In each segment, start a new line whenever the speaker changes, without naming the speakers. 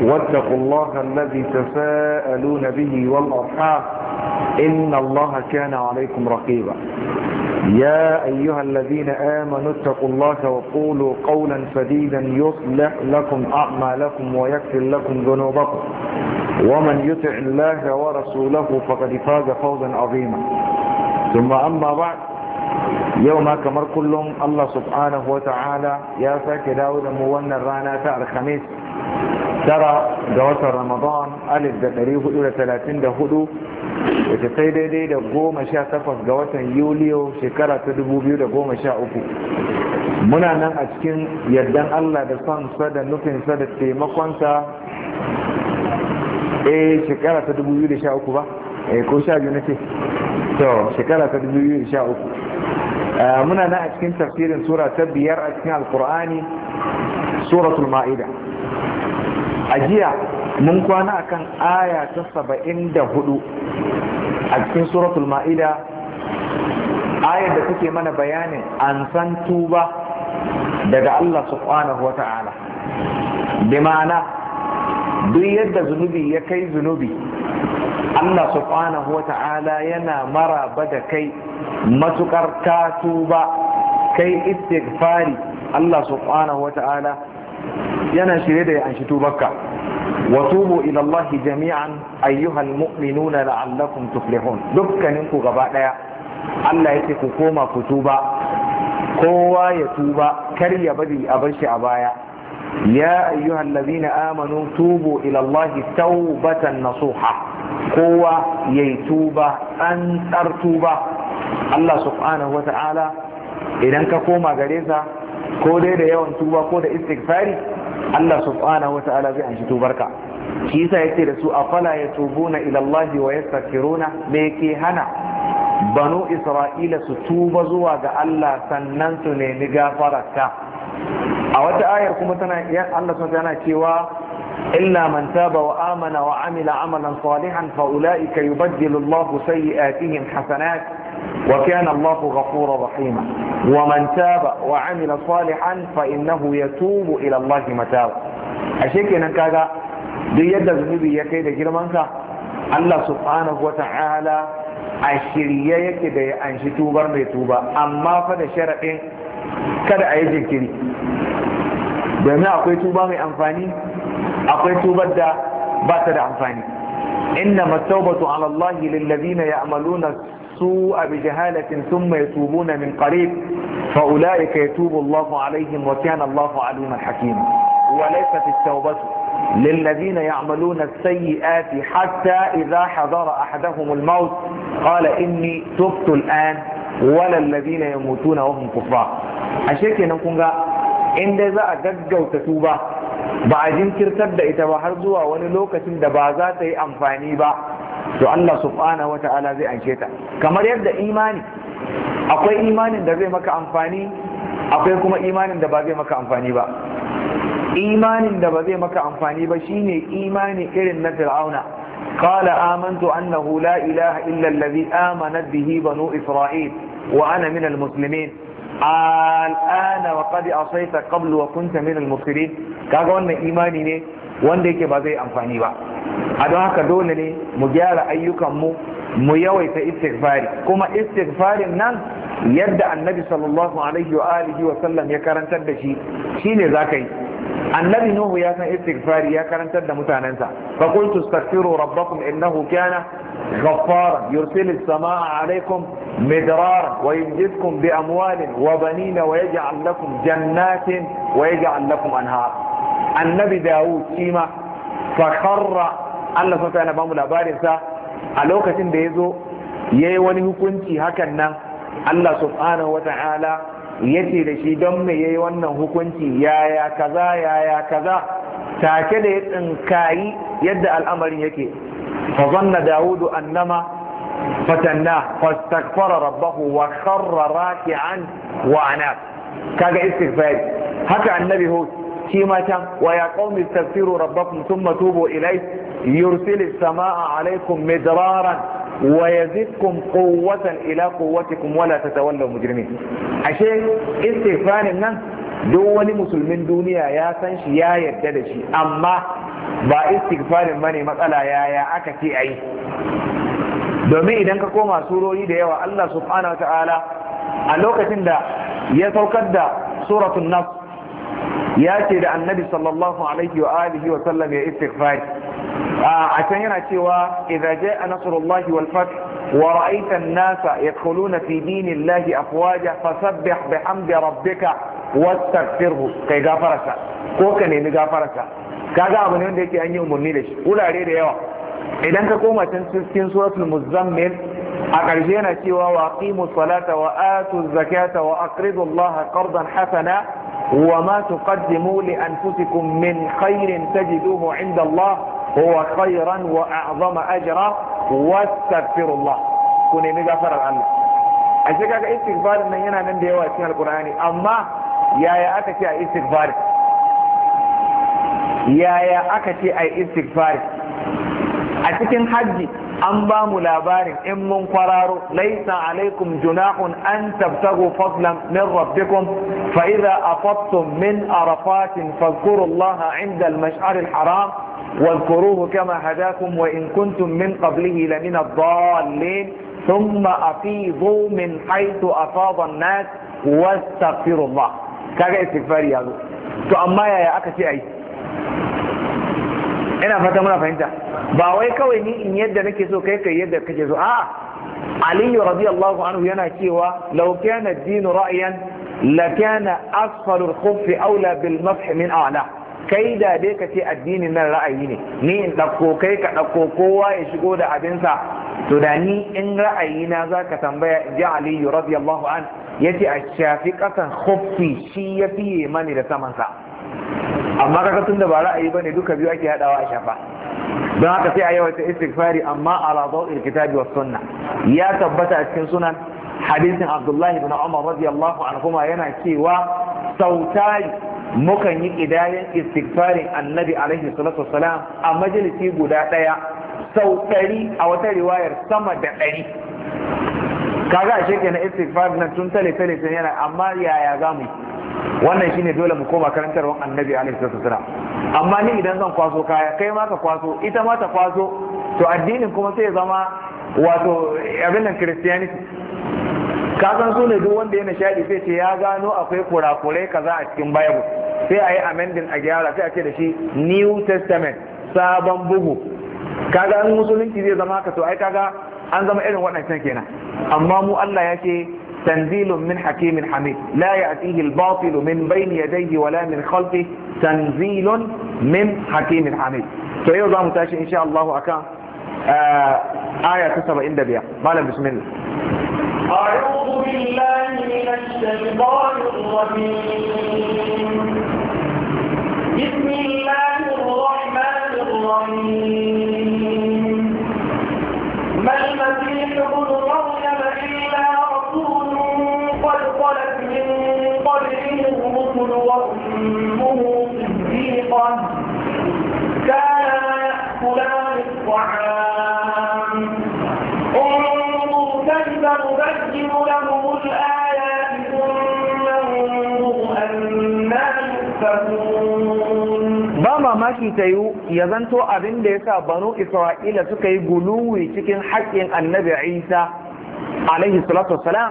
واتقوا الله الذي تساءلون به والأرحام إن الله كان عليكم رقيبا يا أيها الذين آمنوا اتقوا الله وقولوا قولا سديدا يصلح لكم أعمالكم ويكفر لكم ذنوبكم ومن يطع الله ورسوله فقد فاز فوزا عظيما ثم أما بعد يوم كمر كلهم الله سبحانه وتعالى يا ساك داود موانا الرانا تاع الخميس tara ga watan ramadan alif da ɗari hudu da talatin da hudu ta sai daidai da goma sha takwas ga watan yuliyo shekara ta dubu biyu da goma sha uku muna nan a cikin yardan allah da son sa da nufin sa da taimakonsa a eh, shekara ta dubu biyu da sha uku ba eh ko sha biyu na ce to shekara ta dubu biyu da sha uku eh, muna nan a cikin tafsirin sura ta biyar a cikin alkur'ani suratul ma'ida a jiya mun kwana akan aya ta saba'in da hudu a cikin suratul ma'ida ayar da take mana bayanin an san tuba daga Allah subhanahu wa bi ma'ana duk yadda zunubi ya kai zunubi Allah subhanahu wa yana maraba da kai matukar ta tuba kai istighfari Allah subhanahu wa yana shirye da ya anshi tubarka wa tubu ila Allah jami'an ayyuhal mu'minuna la'allakum tuflihun dukkanin ku gaba daya Allah yake ku koma ku tuba kowa ya tuba kar ya bari a bar shi a baya يا أيها الذين آمنوا توبوا إلى الله توبة نصوحة tuba يتوبة أن Allah الله سبحانه idan ka koma غريزة ko dai da yawan tuba ko da istighfari Allah subhanahu wata'ala zai anshi tubarka shi yasa yace da su afala yatubuna ila Allah wa yastaghfiruna me ke hana banu Isra'ila su tuba zuwa ga Allah sannan su nemi gafararka a wata ayar kuma tana Allah sun tana cewa إلا من تاب وآمن وعمل عملا صالحا فأولئك يبدل الله سيئاتهم حسنات وكان الله غفورا رحيما ومن تاب وعمل صالحا فانه يتوب الى الله متابا اشكينا كذا duk yadda zunubi ya kai da girmanka Allah subhanahu wa ta'ala a shirye yake da ya anshi tubar mai tuba amma fa da sharaɗin kada a yi jinkiri domin akwai tuba mai amfani akwai tubar da ba ta da amfani inna mastaubatu ala Allah lil ladina ya'maluna السوء بجهالة ثم يتوبون من قريب فأولئك يتوب الله عليهم وكان الله عليما حكيما وليست التوبة للذين يعملون السيئات حتى إذا حضر أحدهم الموت قال إني تبت الآن ولا الذين يموتون وهم كفار أشيك أن إن ذا أجدوا تتوبة ba a jinkirtar da ita ba har zuwa wani lokacin da ba za ta yi amfani ba to Allah subhanahu wata'ala zai anshe ta kamar yadda imani akwai imanin da zai maka amfani akwai kuma imanin da ba zai maka amfani ba imanin da ba zai maka amfani ba shine imani irin na fir'auna qala amantu annahu la ilaha illa allazi amanat bihi banu isra'il wa ana min almuslimin الآن وقد أصيت قبل وكنت من المفسدين kaga wannan imani ne wanda yake ba zai amfani ba a don haka dole ne mu gyara ayyukanmu mu yawaita istighfari kuma istighfarin nan yadda annabi sallallahu alaihi wa alihi wa sallam ya karantar da shi shine zaka yi annabi nuhu ya san istighfari ya karantar da mutanensa fa qultu astaghfiru rabbakum innahu kana ghaffara yursilu samaa alaikum midrara wa bi amwalin wa banina wa yaj'al lakum jannatin annabi dawud shi ma fakharra Allah sun yana bamu labarin sa a lokacin da ya zo ya yi wani hukunci hakan nan Allah subhanahu wata'ala ya ce da shi don me ya yi wannan hukunci yaya kaza yaya kaza take da ya tsinkayi yadda al'amarin yake fa zanna dawudu annama fatanna fastaghfara rabbahu wa kharra raki'an wa anab kaga istighfar haka annabi hud shi ma can wa ya qaumi tastaghfiru rabbakum thumma tubu ilayhi yursilis samaa alaykum midraran ويزدكم قوة إلى قوتكم ولا تتولوا مجرمين أشياء استغفار nan, duk wani musulmin duniya ya san shi ya yarda da shi amma ba istighfarin bane matsala yaya aka ce ayi domin idan ka koma surori da yawa Allah subhanahu ta'ala a lokacin da ya saukar da suratul nas ya ce da annabi sallallahu alaihi wa alihi wa sallam ya istighfari a can yana cewa idza jaa nasrullahi wal fath wa ra'aita an-nasa yadkhuluna fi dinillahi afwaja fasabbih bihamdi rabbika wastaghfirhu kai gafararsa ko ka nemi gafararsa kaga abu ne wanda yake an yi umarni da shi wurare da yawa idan ka koma can cikin suratul muzammil a ƙarshe yana cewa wa aqimu salata wa atu zakata wa aqridu allaha qardan hasana وما تقدموا لأنفسكم من خير تجدوه عند الله هو خيرا وأعظم أجرا واستغفر الله كوني مغفر الله ashe kaga istighfarin nan yana nan da yawa cikin alkur'ani amma yaya aka ce a istighfarin yaya aka ce a a cikin hajji an ba mu labarin in mun kwararo laisa alaikum junahun an tabtagu fadlan min rabbikum fa idza afadtum min arafatin fadhkurullaha 'inda al-mash'ar al-haram واذكروه كما هداكم وإن كنتم من قبله لمن الضالين ثم أفيضوا من حيث أفاض الناس واستغفروا الله كذا استغفار يا تو أما يا أكا شيء ina fata muna fahimta ba wai kawai ni in yadda nake so kai kai yadda kake so a'a aliyu radiyallahu anhu yana cewa law kana ad-din ra'yan la kana asfalu al-khuff aula bil mafh min a'la kai da dai ka ce nan ra'ayi ne ni in ɗauko kai ka ɗauko kowa ya shigo da abinsa to da ni in ra'ayi na za ka tambaya in ji aliyu radiyallahu an ya ce a shafi kasan hoffi shi ya fiye mani da saman sa. amma kaga tun da ba ra'ayi ne duka biyu ake hadawa a shafa don haka sai a yawaita istighfari amma ala dawil kitabi was sunna ya tabbata a cikin sunan hadisin abdullahi ibn umar radiyallahu anhuma yana cewa sautari mukan yi kidayen istighfarin annabi alaihi salatu wassalam a majalisi guda daya sau ɗari a wata riwayar sama da ɗari kaga ashe kenan istighfar nan tun tale tale yana amma yaya mu yi wannan shi ne dole mu koma karantarwar annabi alaihi sutura, amma ni idan zan kwaso kaya kai ma ka kwaso ita ma ta kwaso to addinin kuma sai zama wato abin nan christianity ka san su ne duk wanda ya nishadi sai ce ya gano akwai kurakurai kaza a cikin bible sai a yi amending a gyara sai a ce da shi new testament sabon bugu kaga an musulunci zai zama haka to ai kaga an zama irin waɗancan kenan amma mu Allah ya ce تنزيل من حكيم حميد لا يأتيه الباطل من بين يديه ولا من خلفه تنزيل من حكيم حميد to yau إن شاء الله insha آه، آية akan إن ta 75 بسم الله
أعوذ بالله من الشيطان الرجيم
بسم الله الطعام
mamaki ta yi ya zanto abin da ya sa banu isra'ila suka yi guluwi cikin haƙƙin annabi isa alaihi salatu wasalam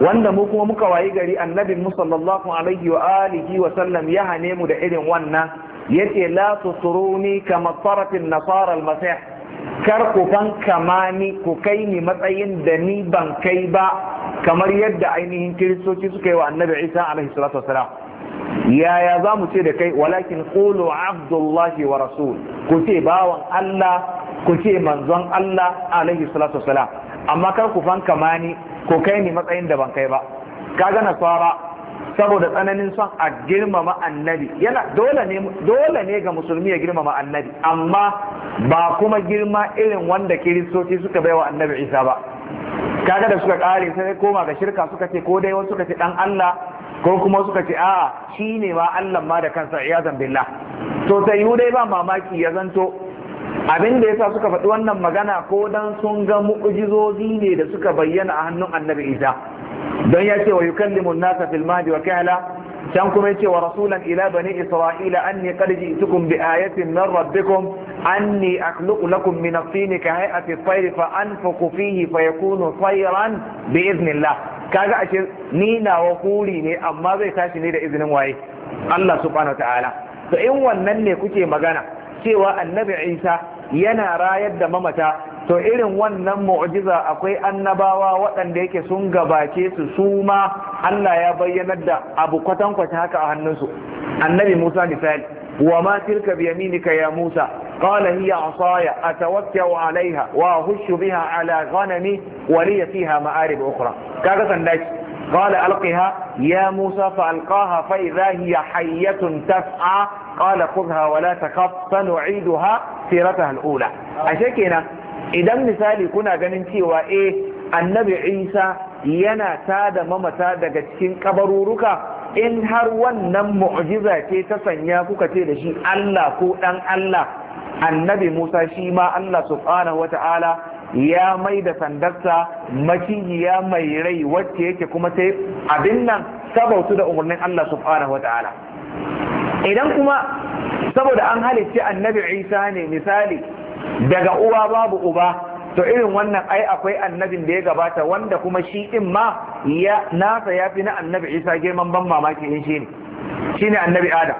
wanda mu kuma muka wayi gari annabi musallallahu alaihi wa alihi wa sallam ya hane mu da irin wannan yace la tusuruni kama taratin nasara al-masih kar ku fankama ni ku kai ni matsayin da ni ban kai ba kamar yadda ainihin kiristoci suka yi wa annabi isa alaihi salatu wasalam yaya za mu ce da kai walakin qulu abdullahi wa rasul ku ce bawan allah ku ce manzon allah alaihi salatu wasalam amma kar ku fanka mani ku kai ni matsayin da ban kai ba kaga nasara saboda tsananin son a girmama annabi yana dole ne ga musulmi ya girmama annabi amma ba kuma girma irin wanda kiristoci suka baiwa annabi Isa ba kaga da suka kare sai koma ga shirka suka ce ko dai wasu suka ce dan Allah ko kuma suka ce a'a shine ma Allah ma da kansa iyazan billah to sai dai ba mamaki ya zanto abin da yasa suka faɗi wannan magana ko dan sun ga mu'jizozi ne da suka bayyana a hannun annabi isa don ya ce wa yukallimu an-nasa fil wa kahla can kuma yace wa rasulan ila bani isra'ila anni qad ji'tukum bi ayatin min rabbikum anni akhluqu lakum min at-tin ka hay'ati at-tayr fa anfuqu fihi fayakunu tayran bi iznillah kaga ashe ni nawa kuri ne amma zai tashi ne da izinin waye Allah subhanahu wa ta'ala to in wannan ne kuke magana cewa annabi Isa yana rayar da mamata to irin wannan mu'jiza akwai annabawa waɗanda yake sun gabace su su ma Allah ya bayyanar da abu kwatan haka a hannunsu annabi Musa misali wa ma tilka bi yaminika ya Musa qala hiya asaya atawakkau alaiha wa hushu biha ala ghanami wa li fiha ma'arib ukhra kaga sandaki qala alqiha ya Musa fa alqaha fa idha hiya hayyatun tas'a qala khudha wa la takhaf sanu'iduha sirataha al-ula ashe kenan idan misali kuna ganin cewa eh annabi isa yana tada mamata daga cikin kabaruruka in har wannan mu'jiza ce ta sanya kuka ce da shi allah ko dan allah annabi musa shi ma allah subhanahu wata'ala ya mai da sandarsa macijiya mai rai wacce yake kuma sai abin nan sabautu da umarnin allah subhanahu wata'ala idan kuma saboda an halicci annabi isa ne misali daga uwa babu uba to irin wannan ai akwai annabin da ya gabata wanda kuma shi din ma ya nasa ya fi na annabi isa girman ban mamaki in shi ne shi ne annabi adam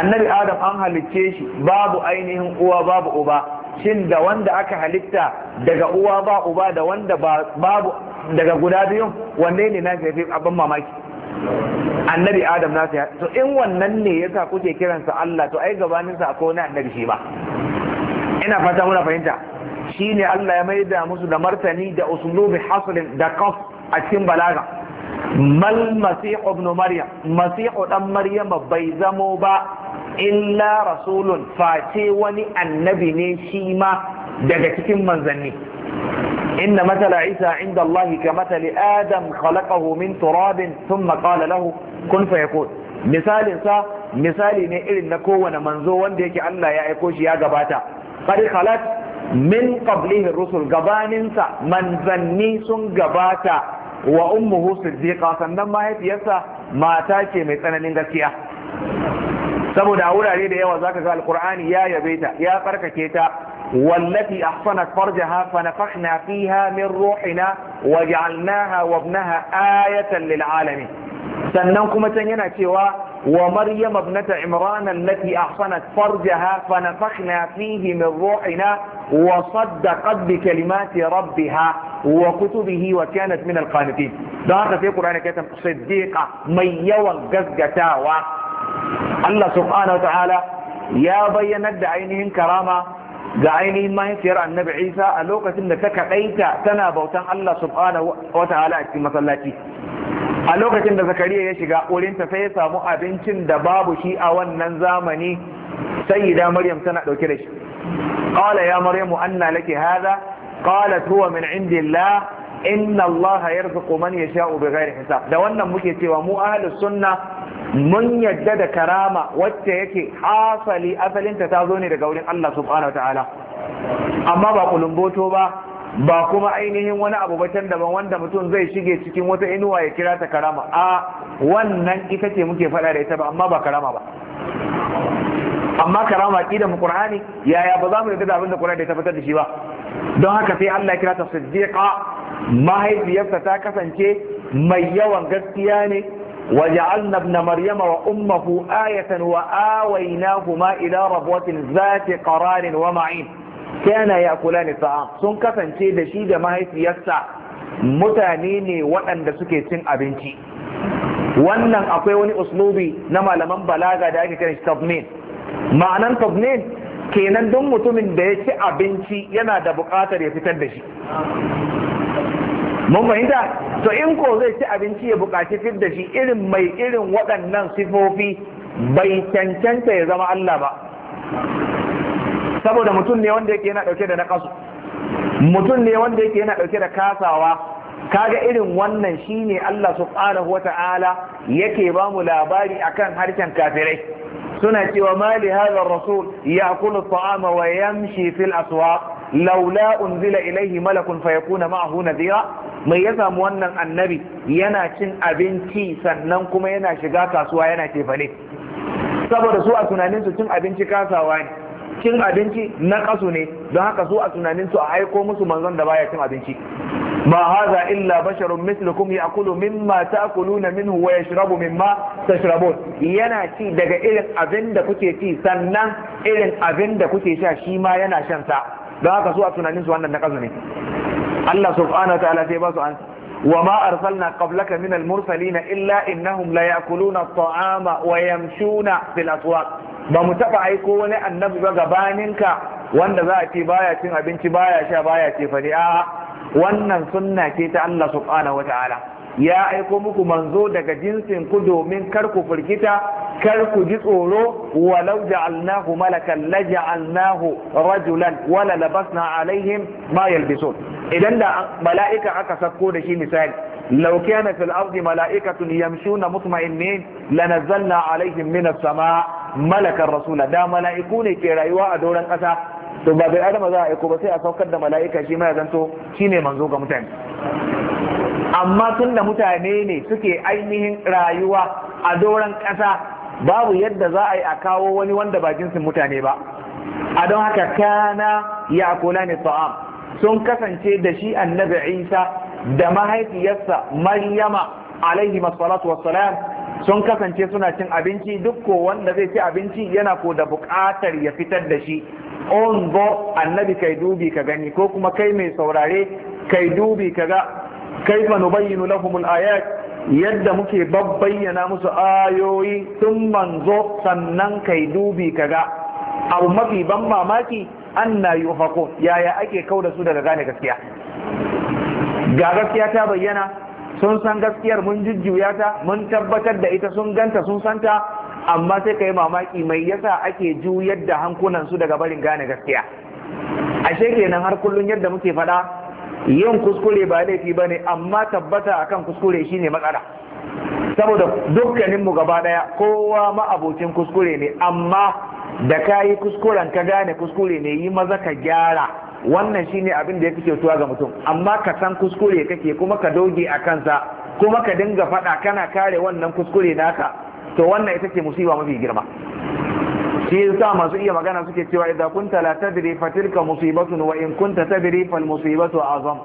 annabi adam an halicce shi babu ainihin uwa babu uba shin da wanda aka halitta daga uwa ba uba da wanda babu daga guda biyun wanne ne nasa ya fi abin mamaki annabi adam nasa ya to in wannan ne yasa kuke kiransa allah to ai gabaninsa akwai wani annabi shi ba ina fata muna fahimta shine Allah ya maida musu da martani da usulubi hasalin da kaf a cikin balaga mal masihu ibn maryam masihu dan maryam bai zamo ba illa rasulun face wani annabi ne shi ma daga cikin manzanni inna matala isa inda Allah ka matali adam khalaqahu min turabin thumma qala lahu kun fayakun misalin sa misali ne irin na kowane manzo wanda yake Allah ya aiko shi ya gabata qad khalat min qablihi rusul gabaninsa manzanni sun gabata wa ummuhu siddiqa sannan mahaifiyarsa mata ce mai tsananin gaskiya saboda wurare da yawa zaka ga alqur'ani ya yabe ta ya tsarkake ta wallati ahsanat farjaha fa nafakhna fiha min ruhina waj'alnaha wa ibnaha ayatan lil alamin sannan kuma can cewa ومريم ابنة عمران التي أحصنت فرجها فنفخنا فيه من روحنا وصدقت بكلمات ربها وكتبه وكانت من القانتين ده في القرآن كتب صديقة من يوم جزجتاوى الله سبحانه وتعالى يا بينت دعينهم كرامة ga ما mahaifiyar annabi isa a lokacin da ta kaɗaita tana bautan allah subhanahu wa ta'ala a lokacin da zakariya ya shiga wurinta sai ya samu abincin da babu shi a wannan zamani sai sayyida maryam tana dauke da shi qala ya maryamu anna laki hada, ƙala huwa min indillah inna allaha ya man yasha'u bighairi hisab da wannan muke cewa mu ahlus sunna mun yadda da karama wacce yake asali asalinta ta zo ne daga wurin Allah subhanahu amma ba kulumboto ba ba kuma ainihin wani abu ba can daban wanda mutum zai shige cikin wata inuwa ya kira ta karama a wannan ita ce muke faɗa da ita ba amma ba karama ba amma karama aqidan mu ƙur'ani, yaya ba za mu yarda da abin da qur'ani ya tabbatar da shi ba don haka sai Allah ya kira ta siddiqa mahaifiyarsa ta kasance mai yawan gaskiya ne wa ja'alna ibn maryama wa ummuhu ayatan wa awaynahuma ila rabwatin zati qararin wa ma'in kana ya kula ne sa'a sun kasance da shi da mahaifiyarsa mutane ne waɗanda suke cin abinci wannan akwai wani uslubi na malaman balaga da ake kiran shi tabnin ma'anan tabnin kenan duk mutumin da ya ci abinci yana da buƙatar ya fitar da shi mun fahimta to in ko zai ci abinci ya buƙaci fitar da shi irin mai irin waɗannan sifofi bai cancanta ya zama Allah ba saboda mutum ne wanda yake yana dauke da naqasu mutum ne wanda yake yana dauke da kasawa kaga irin wannan shine Allah subhanahu wata'ala yake ba mu labari akan harshen kafirai suna cewa mali hadha rasul ya'kulu at-ta'ama wa yamshi fil aswaq laula unzila ilayhi malakun fayakuna ma'ahu nadhira mai ya samu wannan annabi yana cin abinci sannan kuma yana shiga kasuwa yana tefane saboda su a tunaninsu cin abinci kasawa ne cin abinci na kasu ne don haka su a tunanin su a aiko musu manzon da baya cin abinci ma haza illa basharun mislukum ya'kulu mimma ta'kuluna shirabu min ma ta tashrabun yana ci daga irin abin da kuke ci sannan irin abin da kuke sha shi ma yana shan sa don haka su a tunanin su wannan na kasu ne Allah subhanahu wa ta'ala sai ba su ansa وما أرسلنا قبلك من المرسلين إلا إنهم ليأكلون الطعام ويمشون في الأسواق ba mu taɓa aiko wani annabi ba gabaninka wanda za a ce baya cin abinci baya sha baya ce fari a wannan sunna ce ta Allah subhanahu wata'ala ya aiko muku manzo daga jinsin ku domin kar ku firgita kar ku ji tsoro walau ja'alnahu malakan la ja'alnahu rajulan wala labasna alaihim ma yalbisun idan da mala'ika aka sako da shi misali لو كان في الأرض ملائكة يمشون مطمئنين لنزلنا عليهم من السماء ملك الرسول دا ملائكوني كي رأيوا أدورا قسا ثم بابي آدم ذا يقول بسي أسوكد دا ملائكة شما يزنتو شيني منزوغ متعن أما تند متعنيني سكي أينهم رأيوا أدورا قسا babu yadda za a yi a kawo wani wanda ba jinsin mutane ba a don haka kana ya kula ne ta'am sun kasance da shi annabi isa da mahaifiyarsa maryama alaihi masalatu wassalam sun kasance suna cin abinci duk ko wanda zai ci abinci yana ko da buƙatar ya fitar da shi on bo annabi kai dubi ka gani ko kuma kai mai saurare kai dubi ka ga kaifa nubayyinu lahumul ayat yadda muke babbayyana musu ayoyi sun manzo sannan kai dubi ka ga abu mafi ban mamaki anna yuhaqun yaya ake kauda su daga gane gaskiya ga gaskiya ta bayyana sun san gaskiyar mun jujjuya ta mun tabbatar da ita sun ganta sun santa amma sai ka yi mamaki mai yasa ake juyar da hankunansu daga barin gane gaskiya ashe kenan har kullum yadda muke faɗa yin kuskure ba laifi ba ne amma tabbata kan kuskure shine matsala saboda dukkaninmu gaba daya kowa ma'abocin kuskure ne amma da ka yi kuskuren ka gane kuskure ne yi maza ka gyara wannan shine abin da ya fi kyautuwa ga mutum amma ka san kuskure kake kuma ka doge a kansa kuma ka dinga faɗa kana kare wannan kuskure naka to wannan ita ce musiba mafi girma shi yasa masu iya magana suke cewa idan kunta la tadri fa tilka musibatun wa in kunta tadri fal musibatu azam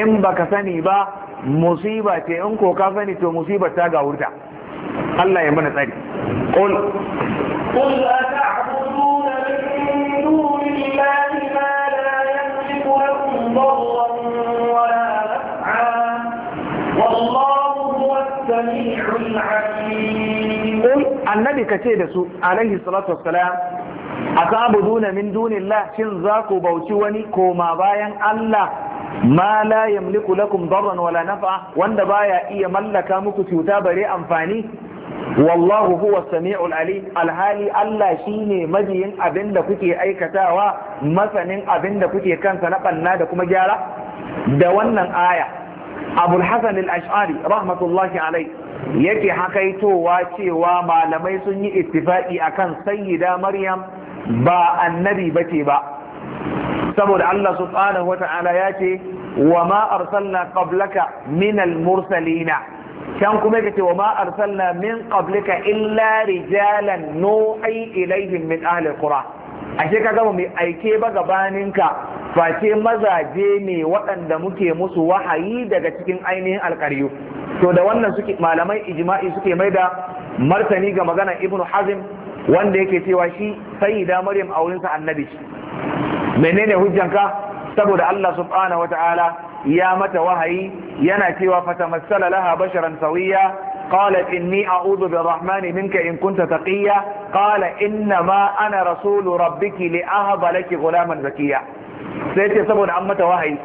in baka sani ba musiba ce in ko ka sani to musiba ta ga wurta Allah ya mana tsari
qul qul ata'buduna
min dunillahi ضرا ولا نفعا والله هو السميع
النبي كتير عليه الصلاة والسلام أتعبدون من دون الله شن ذاكو بوشواني كوما باين الله ما لا يملك لكم ضرا ولا نفع وان دبايا اي ملكا مكو تيوتا بري انفاني wallahu huwa sami'ul ali alhali Allah shine mabiyin abin da kuke aikatawa masanin abin da kuke kansa na banna da kuma gyara da wannan aya Abulhassanil ashari rahmatullahi alai yake hakaitowa cewa malamai sun yi ittifaqi akan sayyida maryam ba annabi bace ba saboda Allah subhanahu wa ya ce wa ma arsalna qablaka minal mursalina Shan kuma yake ce wa ma arsalna min qablika illa rijalan nu'i ilaihim min ahli qura ashe ka gama mai aike ba gabaninka face mazaje ne waɗanda muke musu wahayi daga cikin ainihin alƙaryu to da wannan suke malamai ijma'i suke mai da martani ga maganar ibnu hazim wanda yake cewa shi sayyida maryam a wurinsa annabi menene hujjanka saboda Allah subhanahu wata'ala ya mata wahayi yana cewa fata matsala laha basharan sauya qalat inni a'udhu birrahmani minka in kunta taqiyya qala inna ma ana rasul rabbiki li ahaba laki gulaman zakiya sai ce saboda an mata wahayi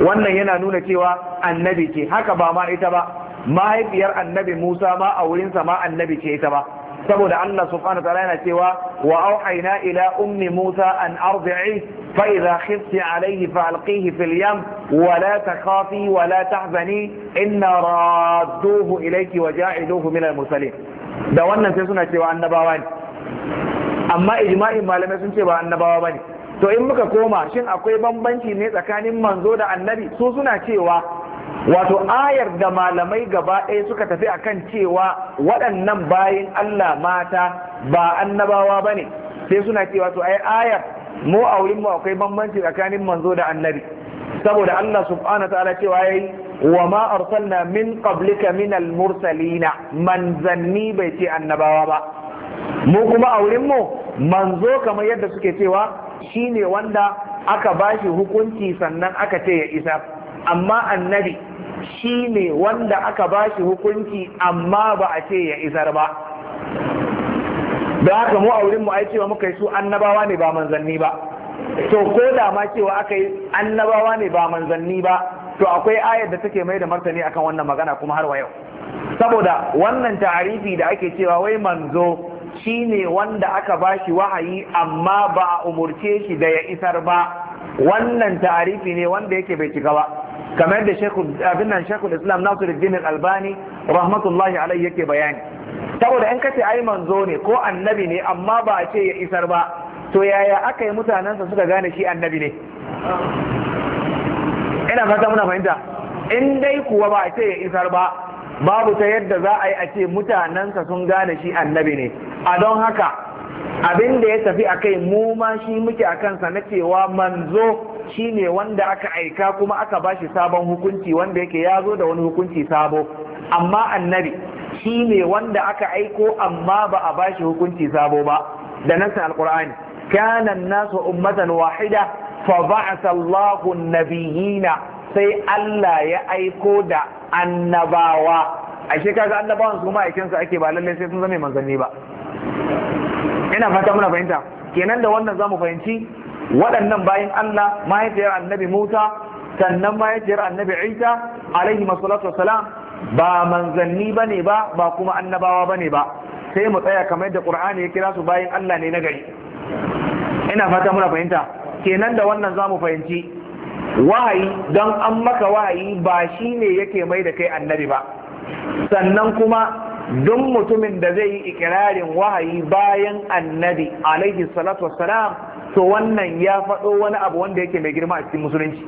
wannan yana nuna cewa annabi ce haka ba ma ita ba mahaifiyar annabi Musa ma a wurin sa ma annabi ce ta ba saboda Allah subhanahu wa ta'ala yana cewa wa auhayna ila ummi Musa an ardi'i fa idha khifti alayhi fa alqihi fil yam wa la takhafi wa la tahzani inna radduhu ilayki wa ja'iluhu min al mursalin da wannan sai suna cewa annabawa ne amma ijma'in malamai sun ce ba annabawa bane to in muka koma shin akwai bambanci ne tsakanin manzo da annabi su suna cewa wato ayar da malamai gaba ɗaya suka tafi a kan cewa waɗannan bayin Allah mata ba annabawa ba ne sai suna cewa to ai ayar mu a mu akwai bambanci tsakanin manzo da annabi saboda Allah subhanahu ta'ala cewa yayi wa ma arsalna min qablika min al-mursalina manzanni bai ce annabawa ba mu kuma a mu manzo kamar yadda suke cewa shine wanda aka bashi hukunci sannan aka ce ya isa amma annabi shi ne wanda aka ba shi hukunci amma ba a ce ya isar ba da haka mu a wurinmu ai cewa muka yi su annabawa ne ba manzanni ba to ko da ma cewa aka yi annabawa ne ba manzanni ba to akwai ayar da take mai da martani akan wannan magana kuma har wa yau saboda wannan ta'arifi da ake cewa wai manzo ne wanda aka ba shi wahayi amma ba a umurce shi da ya isar ba wannan ta'arifi ne wanda yake bai cika ba kamar yadda abin nan shekul islam nasiruddin albani rahmatullahi alai yake bayani saboda in kace ai manzo ne ko annabi ne amma ba a ce ya isar ba to yaya aka yi mutanensa suka gane shi annabi ne ina fata muna fahimta in dai kuwa ba a ce ya isar ba babu ta yadda za a yi a ce mutanensa sun gane shi annabi ne a don haka abin da ya tafi a kai mu ma shi muke a kansa na cewa manzo shi ne wanda aka aika kuma aka ba shi sabon hukunci wanda yake ya zo da wani hukunci sabo amma annabi shi ne wanda aka aiko amma ba a ba shi hukunci sabo ba da nasa alkur'ani kana nasu ummatan wahida fa ba'atha Allahu nabiyina sai Allah ya aiko da annabawa ashe kaga annabawan su ma aikin su ake ba lalle sai sun zama manzanni ba ina fata muna fahimta kenan da wannan zamu fahimci waɗannan bayan Allah mahaifiyar annabi Musa sannan mahaifiyar annabi Isa alaihi masallatu wassalam ba manzanni bane ba ba kuma annabawa bane ba sai mu tsaya kamar yadda Qur'ani ya kira su bayan Allah ne na gari ina fata muna fahimta kenan da wannan zamu fahimci wahayi dan an maka wahayi ba shine yake mai da kai annabi ba sannan kuma duk mutumin da zai yi ikirarin wahayi bayan annabi alaihi salatu wassalam to wannan ya faɗo wani abu wanda yake mai girma a cikin musulunci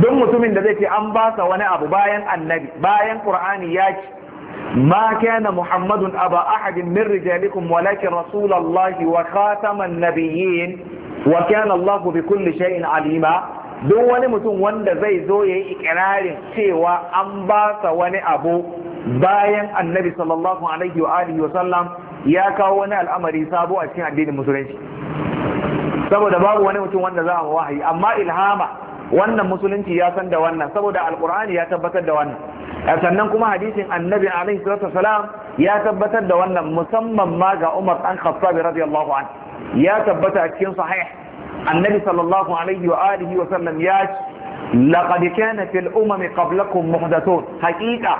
duk mutumin da zai ce an ba sa wani abu bayan annabi bayan qur'ani ya ce ma kana muhammadun aba ahadin min rijalikum walakin rasulullahi wa khataman nabiyyin wa kana allah bi kulli shay'in alima duk wani mutum wanda zai zo yayi ikirarin cewa an ba sa wani abu bayan annabi sallallahu alaihi wa alihi wa sallam ya kawo wani al'amari sabo a cikin addinin musulunci saboda babu wani mutum wanda za a wahayi amma ilhama wannan musulunci ya san da wannan saboda alkur'ani ya tabbatar da wannan sannan kuma hadisin annabi alaihi wa sallam ya tabbatar da wannan musamman ma ga umar dan khattab radiyallahu an ya tabbata cikin sahih annabi sallallahu alaihi wa alihi wa sallam ya لقد كان في الأمم قبلكم محدثون حقيقة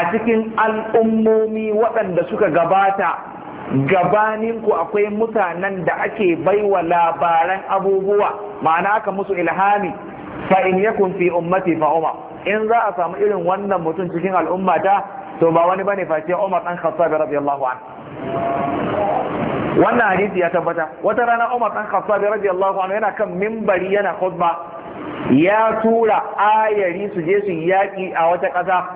أتكن الأمومي وأن دسوك قباتا gabaninku akwai mutanen da ake baiwa labaran abubuwa ma'ana aka musu ilhami fa in yakun fi ummati fa umar in za a samu irin wannan mutum cikin al'ummata to ba wani bane face umar dan khattab radiyallahu anhu wannan hadisi ya tabbata wata rana umar dan khattab radiyallahu anhu yana kan mimbari yana khutba ya tura ayari su je su yaƙi a wata ƙasa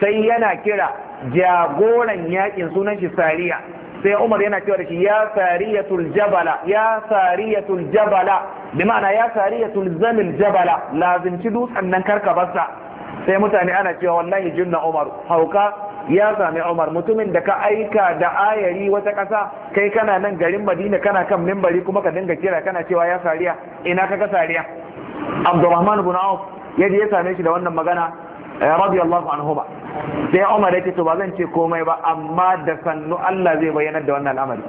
sai yana kira jagoran yaƙin sunan shi sariya sai umar yana cewa da shi ya sariyatul jabala ya sariyatul jabala bi ma'ana ya sariyatul zamil jabala lazimci dutsen nan karka basa. sai mutane ana cewa wallahi jinna umar hauka ya sami umar mutumin da ka aika da ayari wata ƙasa kai kana nan garin madina kana kan mimbari kuma ka dinga kira kana cewa ya sariya ina ka ga sariya abdurrahman ibn auf yadda ya same shi da wannan magana eh, radiyallahu ba sai umar ya ce to ba zan ce komai ba amma da sannu Allah zai bayyana da wannan al'amari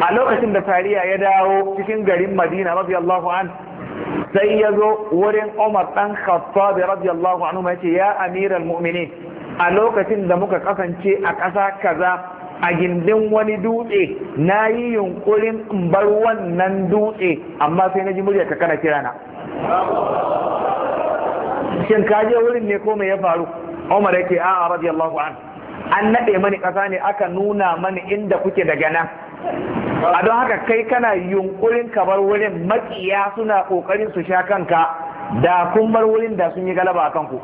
a lokacin da fariya ya dawo cikin garin madina radiyallahu an sai ya zo wurin umar dan ya radiyallahu anhu ya ce ya amiral mu'minin a lokacin da muka kasance a ƙasa kaza a gindin wani dutse na yi yunkurin in bar wannan dutse amma sai na ji murya ka kana kirana shin ka je wurin ne ko mai ya faru Umar yake a'a radiyallahu an an nade mani ƙasa ne aka nuna mani inda kuke daga nan a don haka kai kana yunkurin ka bar wurin makiya suna kokarin su sha kanka da kun bar wurin da sun yi galaba a kanku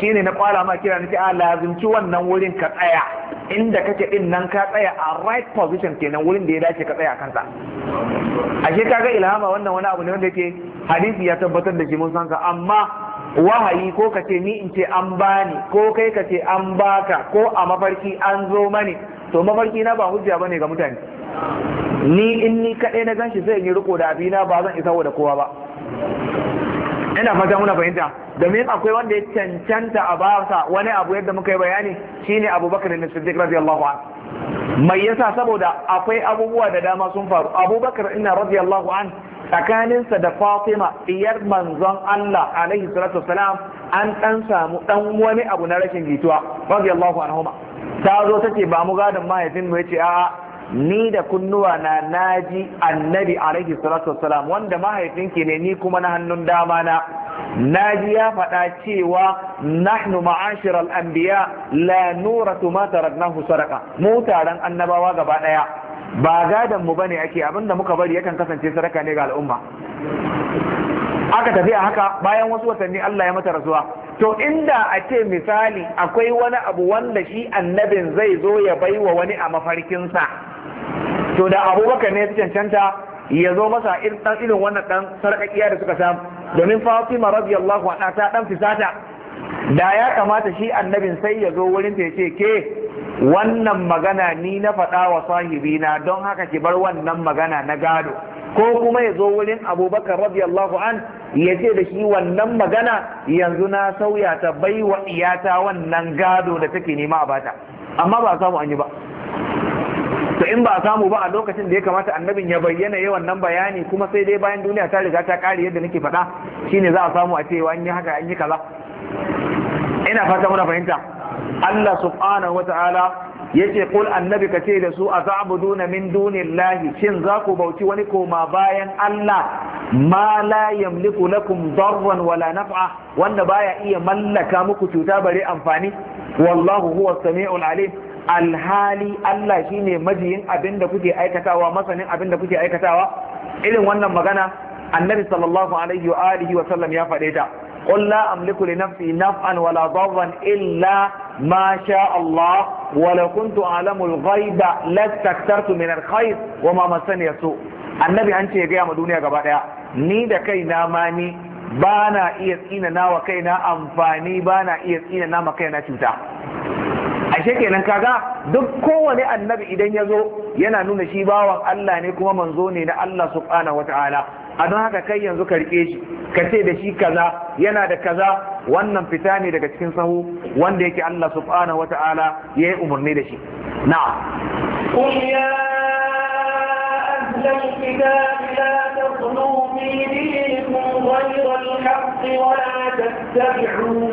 shi ne na kwala ma kira nake a lazimci wannan wurin ka tsaya inda kake din nan ka tsaya a right position kenan wurin da ya dace ka tsaya a kansa ashe kaga ilhama wannan wani abu ne wanda yake hadisi ya tabbatar da shi mun san amma wahayi ko ka ce ni in ce an bani ko kai ka ce an baka ko a mafarki an zo mani to mafarki na ba hujja ba bane ga mutane ni in ni kaɗai na ganshi sai in yi riko da abina ba zan isa wa da kowa ba ina fata muna fahimta domin akwai wanda ya cancanta a basa wani abu yadda muka yi bayani shine abubakar da siddiq radiyallahu an mai yasa saboda akwai abubuwa da dama sun faru abubakar ina radiyallahu an tsakaninsa da fatima iyar manzon allah alaihi salatu wasalam an dan samu dan wani abu na rashin jituwa radiyallahu anhuma ta zo ta ce ba mu gadon mahaifin mu ce a'a ni da kunnuwa na naji annabi alaihi salatu wassalam wanda mahaifinki ne ni kuma na hannun dama na naji ya faɗa cewa nahnu ma'ashir al-anbiya la nuratu ma taraknahu sadaqa mu taron annabawa gaba ɗaya. ba gadon mu ne ake abinda muka bari yakan kasance saraka ne ga al'umma aka tafi a haka bayan wasu watanni Allah ya mata rasuwa to inda a ce misali akwai wani abu wanda shi annabin zai zo ya bai wa wani a mafarkinsa to da abubakar ne ya cancanta ya zo masa ɗan irin wannan ɗan sarƙaƙiya da suka samu domin fatima radiyallahu anha ta ɗan fisata da ya kamata shi annabin sai ya zo wurin ta ya ce ke wannan magana ni na faɗa wa sahibina don haka ki bar wannan magana na gado ko kuma ya zo wurin abubakar radiyallahu an ya ce da shi wannan magana yanzu na sauya ta bai wa iyata wannan gado da take nema a bata amma ba a samu an yi ba to in ba a samu ba a lokacin da ya kamata annabin ya bayyana yawan wannan bayani kuma sai dai bayan duniya ta riga ta kare yadda nake faɗa shine za a samu a cewa an yi haka an yi kaza ina fata muna fahimta Allah subhanahu Ta'ala. ce kul annabi ka ce da su azabuduna min dunillahi shin za ku bauci wani koma bayan Allah ma la yamliku lakum darran wala naf'a wanda baya iya mallaka muku cuta bare amfani wallahu huwa samiul alim alhali Allah shine majiyin abin da kuke aikatawa masanin abin da kuke aikatawa irin wannan magana annabi sallallahu alaihi wa alihi wa sallam ya faɗe ta qul la amliku li nafsi naf'an wala darran illa ما شاء الله ولو كنت أعلم الغيب لاستكثرت من الخير وما مسني سوء annabi an ce ya gaya ma duniya gaba ni da kaina ma ni ba na iya tsina kaina amfani ba na iya tsina kaina cuta ashe kenan kaga duk kowane annabi idan ya zo yana nuna shi bawan Allah ne kuma manzo ne na Allah subhanahu ta'ala. a don haka kai yanzu ka rike shi ka ce da shi kaza yana da kaza wannan fita ne daga cikin sahu wanda yake Allah subhanahu wata'ala ya yi umarni da
shi na'am قل يا أهل الكتاب لا تغلوا في دينكم غير الحق ولا تتبعوا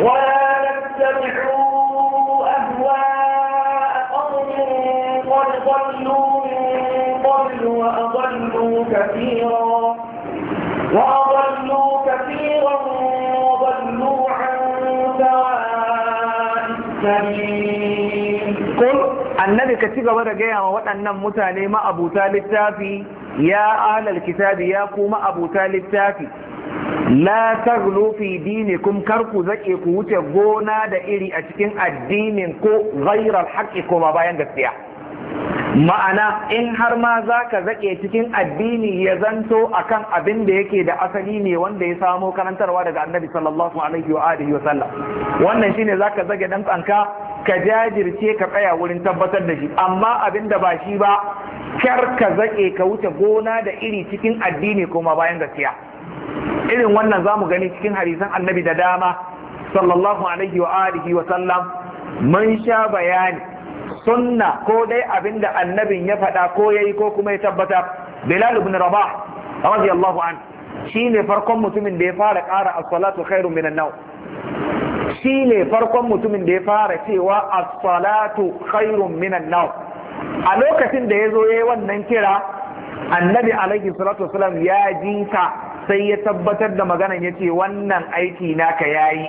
ولا تتبعوا أهواء قوم قد ضلوا من قبل وأضلوا كثيرا وأضلوا كثيرا وضلوا عن سواء السبيل
قل النبي كتير ورا جاي وأنا متعلي ما أبو تالي التافي ya أهل الكتاب ya kuma أبو تالي التافي la taglu fi dinikum karku zake ku wuce gona da iri a cikin addinin ko ghairal haqqi kuma bayan gaskiya ma'ana in har ma za ka zaƙe cikin addini ya zanto a kan abin da yake da asali ne wanda ya samo karantarwa daga annabi sallallahu alaihi wa alihi wa sallam wannan shine za ka zage dan tsanka ka jajirce ka tsaya wurin tabbatar da shi amma abin da ba shi ba kar ka zaƙe ka wuce gona da iri cikin addini kuma bayan gaskiya irin wannan za mu gani cikin hadisan annabi da dama sallallahu alaihi wa alihi wa sallam mun sha bayani sunna ko dai abinda annabin ya faɗa ko ya yi ko kuma ya tabbata bilal ibn rabah radiyallahu an shi ne farkon mutumin da ya fara ƙara as-salatu khairun minan naw shi ne farkon mutumin da ya fara cewa as-salatu khairun minan naw a lokacin da ya zo yayi wannan kira annabi alaihi salatu wasalam ya ji ta sai ya tabbatar da maganan ya ce wannan aiki naka yayi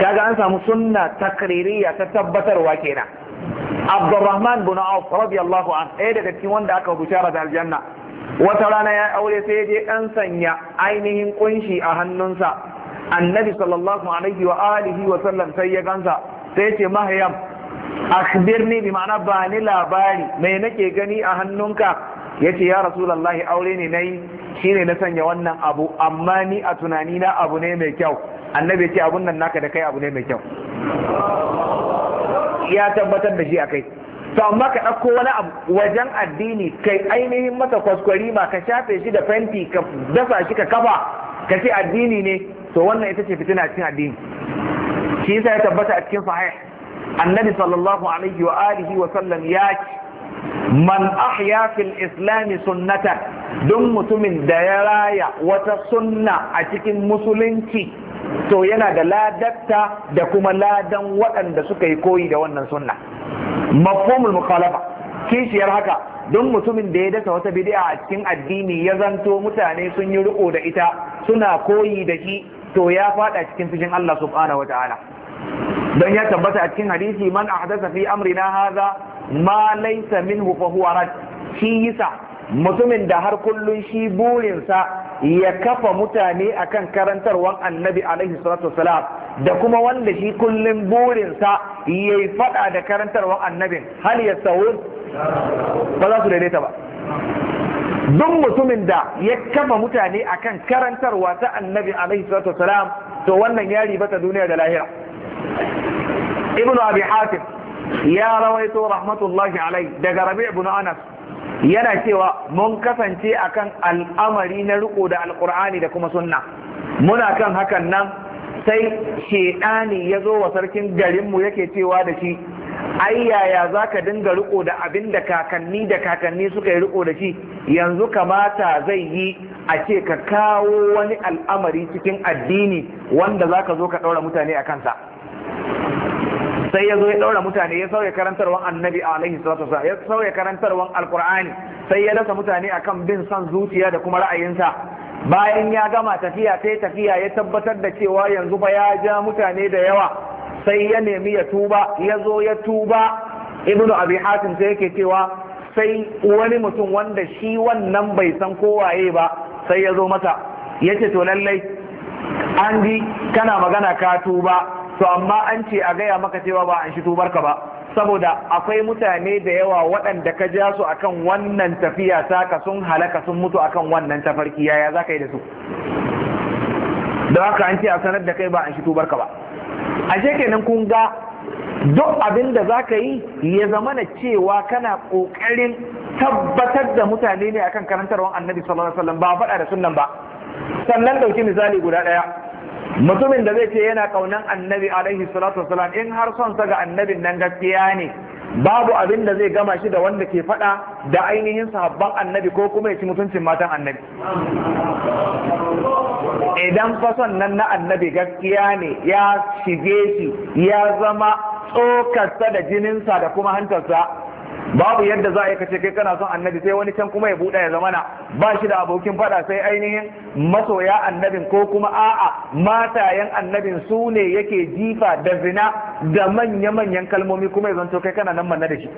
kaga an samu sunna takririya ta tabbatarwa kenan
Abdurrahman
bin Auf radiyallahu an ɗaya daga cikin wanda aka bushara da aljanna wata rana ya aure sai je dan sanya ainihin kunshi a hannunsa annabi sallallahu alaihi wa alihi wa sallam sai ya gansa sai ce mahayam akhbirni bi ma'ana ba ni labari me nake gani a hannunka yace ya rasulullahi aure ne nayi shine na sanya wannan abu amma ni a tunani na abu ne mai kyau annabi ya ce abun nan naka da kai abu ne mai kyau ya tabbatar da shi a kai to amma ka ɗauko wani abu wajen addini kai ainihin masa kwaskwari ma ka shafe shi da fenti ka dasa shi ka kafa ka ce addini ne to wannan ita ce fitina cikin addini shi yasa ya tabbata a cikin sahih annabi sallallahu alaihi wa alihi wa sallam ya ce man ahya fil islam sunnatan don mutumin da ya raya wata sunna a cikin musulunci to yana da ladatta da kuma ladan waɗanda suka yi koyi da wannan sunna mafhumul mukhalafa kishiyar haka don mutumin da ya dasa wata bid'a a cikin addini ya zanto mutane sun yi riko da ita suna koyi da shi to ya fada cikin fushin Allah subhanahu wataala don ya tabbata a cikin hadisi man ahdatha fi amrina hadha ma laysa minhu fa huwa rad shi yasa mutumin da har kullun shi burinsa ya kafa mutane akan karantarwan annabi alaihi salatu wasalam da kuma wanda shi kullum burinsa ya yi fada da karantarwan annabin hal ya saurin ba za su daidaita ba duk mutumin da ya kafa mutane akan karantarwa ta annabi alaihi salatu wasalam to wannan ya ribata duniya da lahira ibnu abi hatim ya rawaito rahmatullahi alai daga rabi' ibn anas yana cewa mun kasance akan al'amari na riko da alkur'ani da kuma sunna muna kan hakan nan sai shedani ya zo wa sarkin garinmu yake cewa da shi ai yaya za ka dinga riko da abin da kakanni da kakanni suka yi riko da shi yanzu kamata zai yi a ce ka kawo wani al'amari cikin addini wanda za ka zo ka ɗaura mutane a kansa sai ya zo ya ɗaura mutane ya sauya karantarwar annabi alaihi salatu wasallam ya sauya karantarwar alqur'ani sai ya dasa mutane a kan bin son zuciya da kuma ra'ayinsa bayan ya gama tafiya sai tafiya ya tabbatar da cewa yanzu fa ya ja mutane da yawa sai ya nemi ya tuba ya zo ya tuba ibnu abi hatim sai yake cewa sai wani mutum wanda shi wannan bai san kowaye ba sai ya zo mata. yace to lallai an ji kana magana ka tuba to amma an ce a gaya maka cewa ba an shi tubarka ba saboda akwai mutane da yawa waɗanda ka ja su akan wannan tafiya taka sun halaka sun mutu akan wannan tafarki yaya za ka yi da su da haka an ce a sanar da kai ba an shi barka ba A kenan kun ga duk abin da za ka yi ya zama na cewa kana ƙoƙarin tabbatar da mutane ne akan karantarwar annabi sallallahu alaihi wasallam ba faɗa da sunan ba sannan ɗauki misali guda ɗaya mutumin da zai ce yana kaunan annabi alaihi salatu wasalam in har son sa ga annabin nan gaskiya ne babu abin da zai gama shi da wanda ke fada da ainihin sahabban annabi ko kuma ya ci mutuncin matan annabi idan fason nan na annabi gaskiya ne ya shige shi ya zama tsokarsa da jininsa da kuma hantarsa babu yadda za a yi kace kai kana son annabi sai wani can kuma ya buɗa ya zamana ba shi da abokin faɗa sai ainihin masoya annabin ko kuma a'a matayen annabin su ne yake jifa da zina da manya-manyan kalmomi kuma ya zanto kai kana nan manna da shi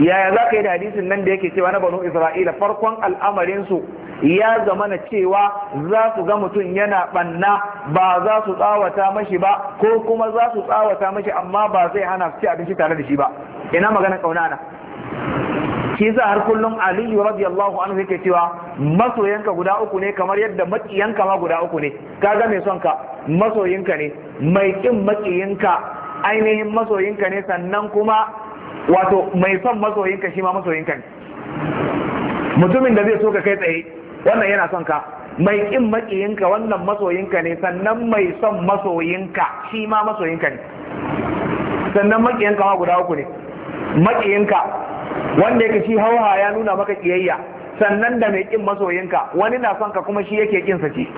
yaya za ka yi da hadisin nan da yake cewa na banu isra'ila farkon al'amarinsu ya zama na cewa za su ga mutum yana banna ba za su tsawata mashi ba ko kuma za su tsawata mashi amma ba zai hana su ci abinci tare da shi ba ina magana na shi za har kullum aliyu radiyallahu anhu yake cewa masoyanka guda uku ne kamar yadda maƙiyanka ma guda uku ne kaga mai son ka masoyinka ne mai kin makiyinka ainihin masoyinka ne sannan kuma wato mai son masoyinka shi ma masoyinka ne mutumin da zai so ka kai tsaye wannan yana son ka mai kin makiyinka wannan masoyinka ne sannan mai son masoyinka shi ma masoyinka ne sannan makiyinka ma guda uku ne makiyinka wanda yake shi hauha ya nuna maka kiyayya sannan da mai kin masoyinka wani na son ka kuma shi yake kin sa ce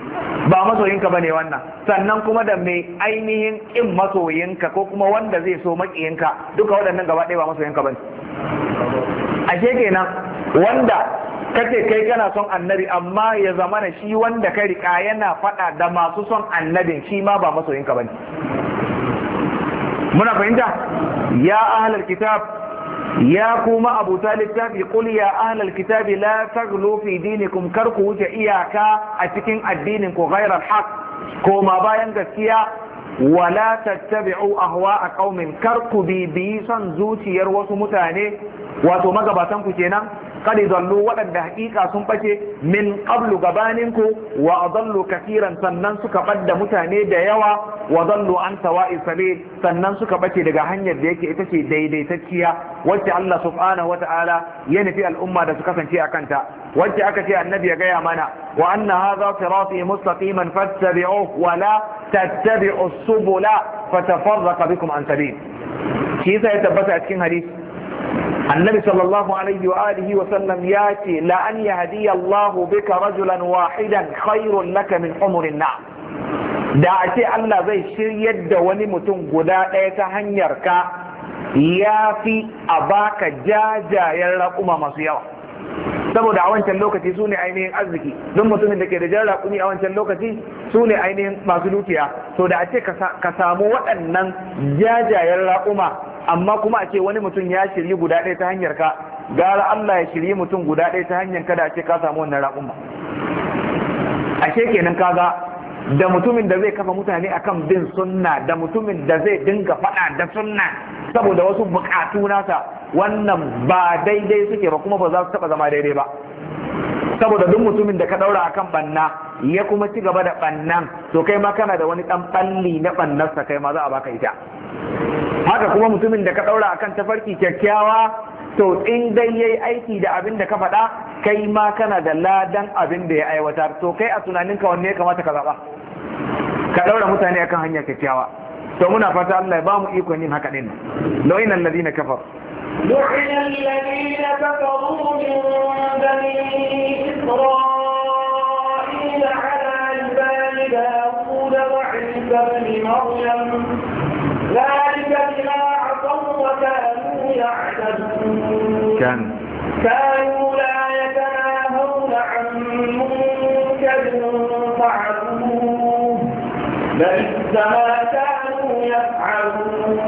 ba masoyinka bane wannan sannan kuma da mai ainihin kin masoyinka ko kuma wanda zai so makiyinka duka waɗannan gaba ɗaya ba masoyinka bane ashe kenan wanda kace kai kana son annabi amma ya zama shi wanda kai rika yana faɗa da masu son annabin shi ma ba masoyinka bane muna fahimta ya ahlul kitab ya kuma abu ta littafi qul ya ahlal kitabi la taghlu fi dinikum kar ku wuce iyaka a cikin addinin ku ghairal haqq koma bayan gaskiya wala tattabi'u ahwa a ƙaumin kar ku bibiyi son zuciyar wasu mutane wato magabatan ku kenan qad dallu waɗanda haƙiƙa sun bace min qablu gabaninku ku wa adallu sannan suka badda mutane da yawa wa dallu an sawa'i sabil sannan suka bace daga hanyar da yake ita ce daidaitacciya wacce Allah subhanahu wata'ala ya nufi al'umma da su kasance a kanta wacce aka ce annabi ya gaya mana wa anna hadha sirati mustaqiman fattabi'uhu wala tattabi'u subula fatafarraqa bikum an sabil shi yasa ya tabbata a cikin hadisi annabi sallallahu alaihi wa alihi wa sallam ya ce la an yahdi Allah bika rajulan wahidan khairun laka min umurin na da a ce Allah zai shiryar da wani mutum guda ɗaya ta hanyar ka ya fi a baka jajayen raƙuma masu yawa saboda a wancan lokaci su ne ainihin arziki don mutumin da ke da jan raƙumi a wancan lokaci su ne ainihin masu dukiya so da a ce ka samu waɗannan jajayen raƙuma amma kuma a ce wani mutum ya shirye guda ɗaya ta hanyar ka gara Allah ya shirye mutum guda ɗaya ta hanyar ka da a ce ka samu wannan raƙuma ashe kenan kaga da mutumin da zai kafa mutane akan bin sunna da mutumin da zai dinga faɗa da sunna saboda wasu bukatu nasa wannan ba daidai suke ba kuma ba za su taɓa zama daidai ba saboda duk mutumin da ka ɗaura akan ɓanna ya kuma ci gaba da ɓannan to kai ma kana da wani ɗan ɓalli na ɓannarsa kai ma za a baka ita haka kuma mutumin da ka ɗaura akan tafarki kyakkyawa to in dai yayi aiki da abin da ka faɗa kai ma kana da ladan abin da ya aiwatar to kai a ka wanne ya kamata ka zaba ka ɗaura mutane akan hanyar kyakkyawa to muna fata Allah ya bamu mu yin haka ɗin lo'in ladina kafar
kafaru الذين كفروا من ala al على لسان
داود
وعيسى bani maryam ذلك بما عصوا وكانوا يعتدون كانوا كانوا لا يتناهون عن منكر فعلوه بئس ما كانوا يفعلون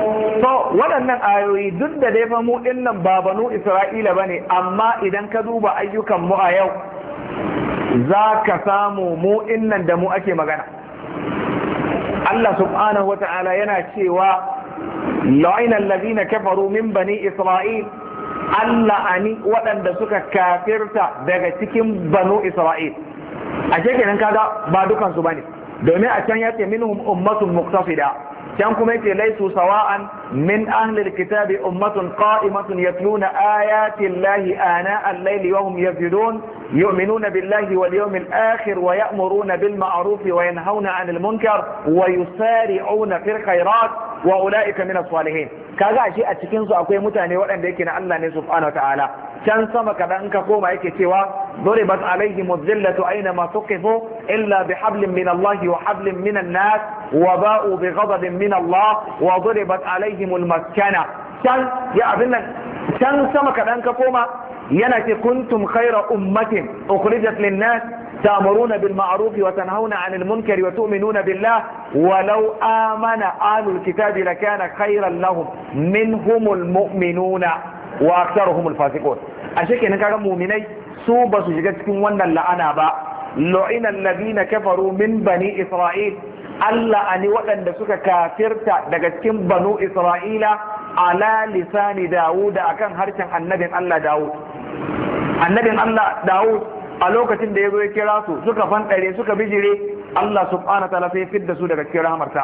waɗannan ayoyi duk da dai fa mu ɗinnan ba banu Isra'ila ba ne, amma idan ka duba ayyukan mu a yau za ka samu mu ɗinnan da mu ake magana Allah subhanahu wa ta'ala yana cewa la'ina allazina kafaru min bani isra'il Allah ani waɗanda suka kafirta daga cikin banu isra'il a kenan kaga ba dukansu bane domin a can ya ce min ummatun muqtasida can kuma yace laisu sawa'an min ahlil alkitabi ummatun qa'imatun yatluna ayati llahi ana al wahum yazidun يؤمنون بالله واليوم الآخر ويأمرون بالمعروف وينهون عن المنكر ويسارعون في الخيرات وأولئك من الصالحين كذا شيء أتكنز أقوي متعني وأن ديكنا الله سبحانه وتعالى كان سمك بأنك قوم أيك سوى ضربت عليهم الذلة أينما تقفوا إلا بحبل من الله وحبل من الناس وباءوا بغضب من الله وضربت عليهم المسكنة كان يا أبنى كان سمك بأنك قوم yana ce kuntum khaira ummatin ukhrijat lin-nas ta'muruna bil ma'ruf wa tanhauna 'anil munkari wa tu'minuna billah walau amana ahlul kitabi lakana khairan lahum minhumul mu'minuna wa aktharuhumul fasiqun ashe kenan kaga mu'minai su ba su shiga cikin wannan la'ana ba lu'ina alladhina kafaru min bani isra'il Allah ani waɗanda suka kafirta daga cikin banu Isra'ila ala lisani Dawuda akan harshen annabin Allah Dawud annabin Allah Dawud a lokacin da ya zo ya kira su suka fanɗare suka bijire Allah subhanahu ta'ala sai fidda su daga cikin rahmarta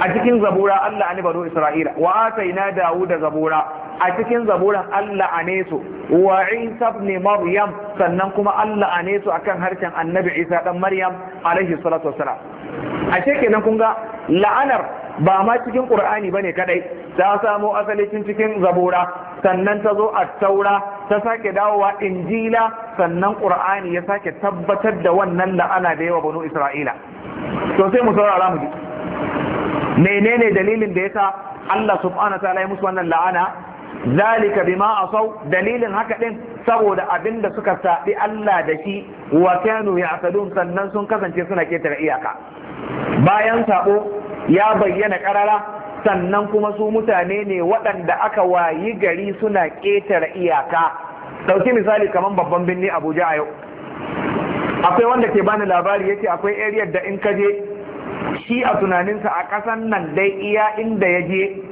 a cikin zabura Allah ani banu Isra'ila wa ataina Dawud zabura a cikin zaburan Allah ane su wa Isa ibn Maryam sannan kuma Allah ane akan harshen Annabi Isa dan Maryam alaihi salatu wassalam a kenan kun ga la'anar ba ma cikin Qur'ani bane kadai ta samo asalicin cikin zabura sannan ta zo a taura ta sake dawowa injila sannan qur'ani ya sake tabbatar da wannan la'ana da yawa banu isra'ila to sai mu saurara mu ji menene dalilin da yasa Allah subhanahu ta'ala ya musu wannan la'ana zalika bima asaw dalilin haka din saboda abin da suka saɓi Allah da shi wa kanu ya'tadun sannan sun kasance suna ketare iyaka bayan sabo ya bayyana karara sannan kuma su mutane ne waɗanda aka wayi gari suna ƙetare iyaka ɗauki misali kamar babban birni abuja a yau akwai wanda ke bani labari yace akwai ariyar da in kaje shi a tunaninsa a ƙasan nan dai iya inda ya je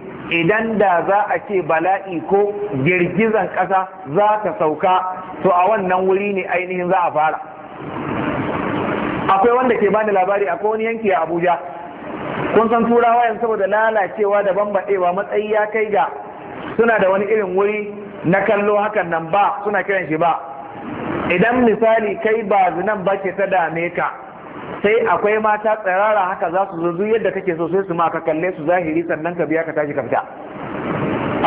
idan da za a ce bala'i ko girgizan ƙasa za ta sauka to a wannan wuri ne ainihin za a fara akwai wanda ke bani labari akwai wani yanki a abuja kun san turawa yanzu saboda lalacewa da bambaɗewa matsayi ya kai ga suna da wani irin wuri na kallo hakan nan ba suna kiran shi ba idan misali kai ba zinan ba ke ta dame ka sai akwai mata tsirara haka za su zuzu yadda kake so sai su ma ka kalle su zahiri sannan ka biya ka tashi ka fita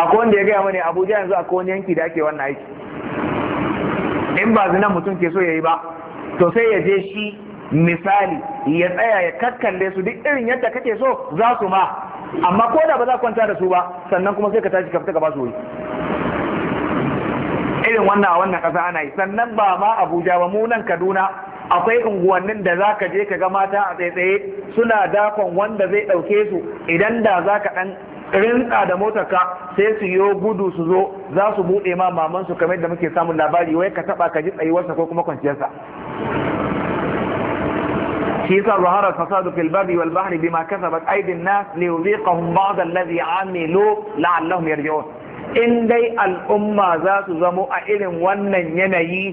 akwai wanda ya gaya mani abuja yanzu a wani yanki da ake wannan aiki in ba zinan mutum ke so ya yi ba to sai ya je shi misali ya tsaya ya kakkalle su duk irin yadda kake so za su ma amma ko da ba za kwanta da su ba sannan kuma sai ka tashi ka fita ka ba su irin wannan a wannan ƙasa ana yi sannan ba ma abuja ba mu nan kaduna akwai unguwannin da za ka je ka ga mata a tsaye-tsaye suna dakon wanda zai ɗauke su idan da za ka ɗan rinsa da motarka sai su yo gudu su zo za su buɗe ma maman su kamar da muke samun labari wai ka taɓa ka ji tsayuwarsa ko kuma kwanciyarsa shi yasa zahara fasadu fil barri wal bahri bima kasabat aydin nas li yuziqahum ba'd alladhi amilu la'allahum yarji'un in dai al'umma za su zamo a irin wannan yanayi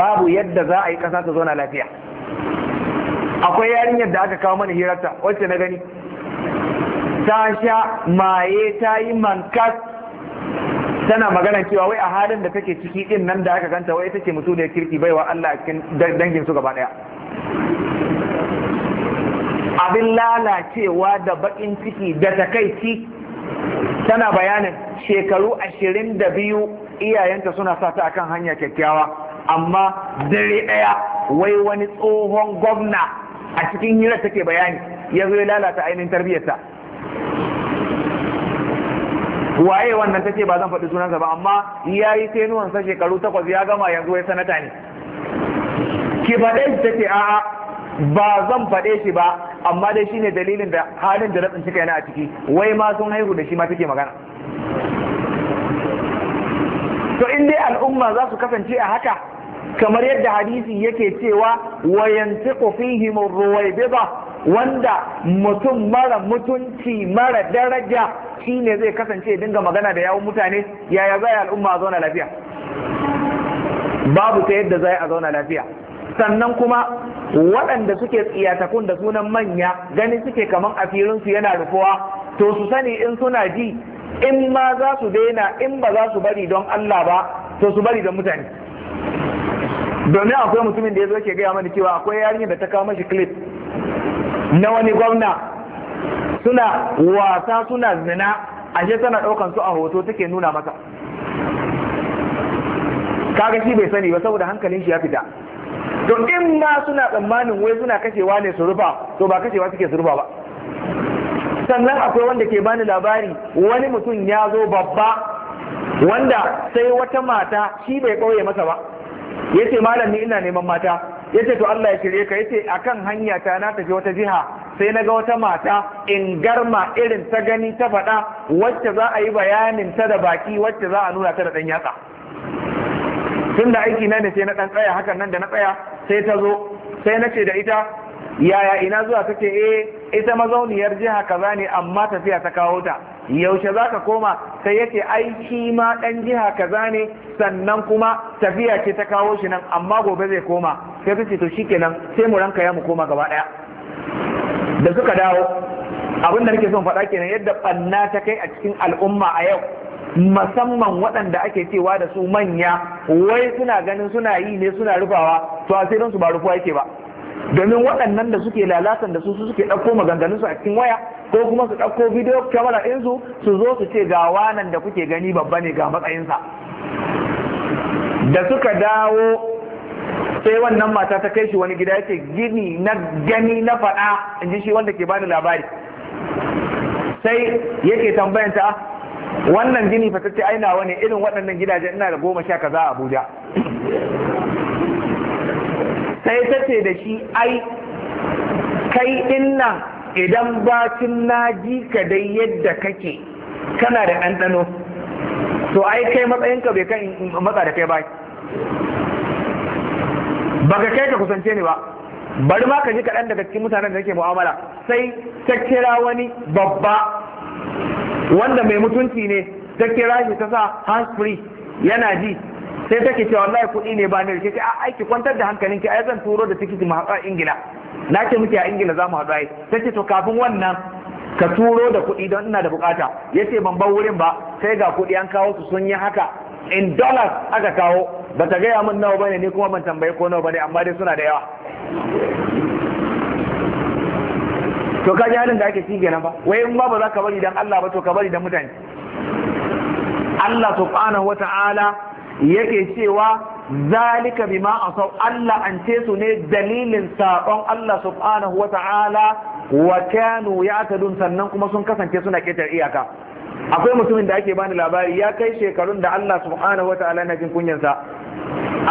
babu yadda za a yi kasa ta zauna lafiya akwai yarinyar da aka kawo mana hirarta wacce na gani ta sha maye ta yi mankas tana magana cewa wai a halin da take ciki din nan da aka ganta wai take ce mutum da kirki baiwa Allah a cikin dangin su gaba daya abin lalacewa da bakin ciki da takaici tana bayanin shekaru ashirin da biyu iyayenta suna sa ta akan hanya kyakkyawa amma dare daya wai wani tsohon gwamna a cikin hira take bayani ya zo ya lalata ainihin tarbiyyarta waye wannan tace ba zan faɗi sunansa ba amma ya yi tenuwansa shekaru takwas ya gama yanzu wai sanata ne ki faɗe ta a'a ba zan faɗe shi ba amma dai shine dalilin da halin da na cika yana a ciki wai ma sun haihu da shi ma take magana to in dai al'umma za su kasance a haka kamar yadda hadisi yake cewa wa yantiqu fihi ba wanda mutum mara mutunci mara daraja shine zai kasance dinga magana da yawun mutane yaya zai al'umma a zauna lafiya babu ta yadda zai a zauna lafiya sannan kuma waɗanda suke tsiyatakun da sunan manya gani suke kaman a filinsu yana rufuwa to su sani in suna ji in ma za su daina in ba za su bari don Allah ba to su bari don mutane domin akwai mutumin da ya zo ke gaya mani cewa akwai yarinyar da ta kawo mashi clip na wani gwamna suna wasa suna zina ashe tana ɗaukan su a hoto take nuna masa kaga shi bai sani ba saboda hankalin shi ya fita don in ma suna tsammanin wai suna kashewa ne su rufa to ba kashewa suke su rufa ba sannan akwai wanda ke bani labari wani mutum ya zo babba wanda sai wata mata shi bai ƙauye masa ba ya ce malam ni ina neman mata ya ce to Allah ya shirye ka ya ce a kan hanya ta na tafi wata jiha sai na ga wata mata in garma irin ta gani ta faɗa wacce za a yi bayanin ta da baki wacce za a nuna ta da ɗan yatsa tun da aiki na ne sai na ɗan tsaya hakan nan da na tsaya sai ta zo sai na ce da ita yaya ina zuwa ta ce eh ita mazauniyar jiha kaza ne amma tafiya ta kawo ta yaushe za ka koma sai yake aiki ma ɗan jiha kaza ne sannan kuma tafiya ce ta kawo shi nan amma gobe zai koma sai ta ce to shikenan sai mu ranka ya mu koma gaba daya da suka dawo abin da nake son faɗa kenan yadda ɓanna ta kai a cikin al'umma a yau musamman waɗanda ake cewa da su manya wai suna ganin suna yi ne suna rufawa to a don su ba rufuwa yake ba domin waɗannan da suke lalatan da su su suke ɗauko maganganun su a cikin waya ko kuma su ɗauko bidiyo kyamara ɗinsu su zo su ce ga wanan da kuke gani babba ne ga matsayinsa da suka dawo sai wannan mata ta kai shi wani gida yake gini na gani na faɗa in ji shi wanda ke bani labari sai yake tambayanta wannan gini fa tace ai ne irin waɗannan gidaje ina da goma sha kaza a Abuja sai tace da shi ai kai dinnan idan bacin naji ka dai yadda kake kana da ɗanɗano to ai kai matsayinka bai kan matsa da kai ba baka kai ka kusance ni ba bari ma ka ji kaɗan daga cikin mutanen da nake mu'amala sai ta kira wani babba wanda mai mutunci ne ta kira shi ta sa hands free yana ji sai take cewa wallahi kuɗi ne ba ne a aiki kwantar da a ai zan turo da tikiti mu haɗu a Ingila na ce muke a Ingila za mu haɗu ai take to kafin wannan ka turo da kuɗi don ina da bukata ce ban bar wurin ba sai ga kuɗi an kawo su sun yi haka in dollars aka kawo ba ta gaya min nawa ne ni kuma ban tambayi ko nawa ba ne, amma dai suna da yawa to ka jalin da ake shi kenan ba wai in ba ba za ka bari dan Allah ba to ka bari dan mutane Allah subhanahu wata'ala yake cewa zalika bima asaw Allah an ce su ne dalilin sabon Allah subhanahu wata'ala wa kanu ya'tadun sannan kuma sun kasance suna ketar iyaka akwai mutumin da ake bani labari ya kai shekarun da Allah subhanahu wata'ala na jin kunyansa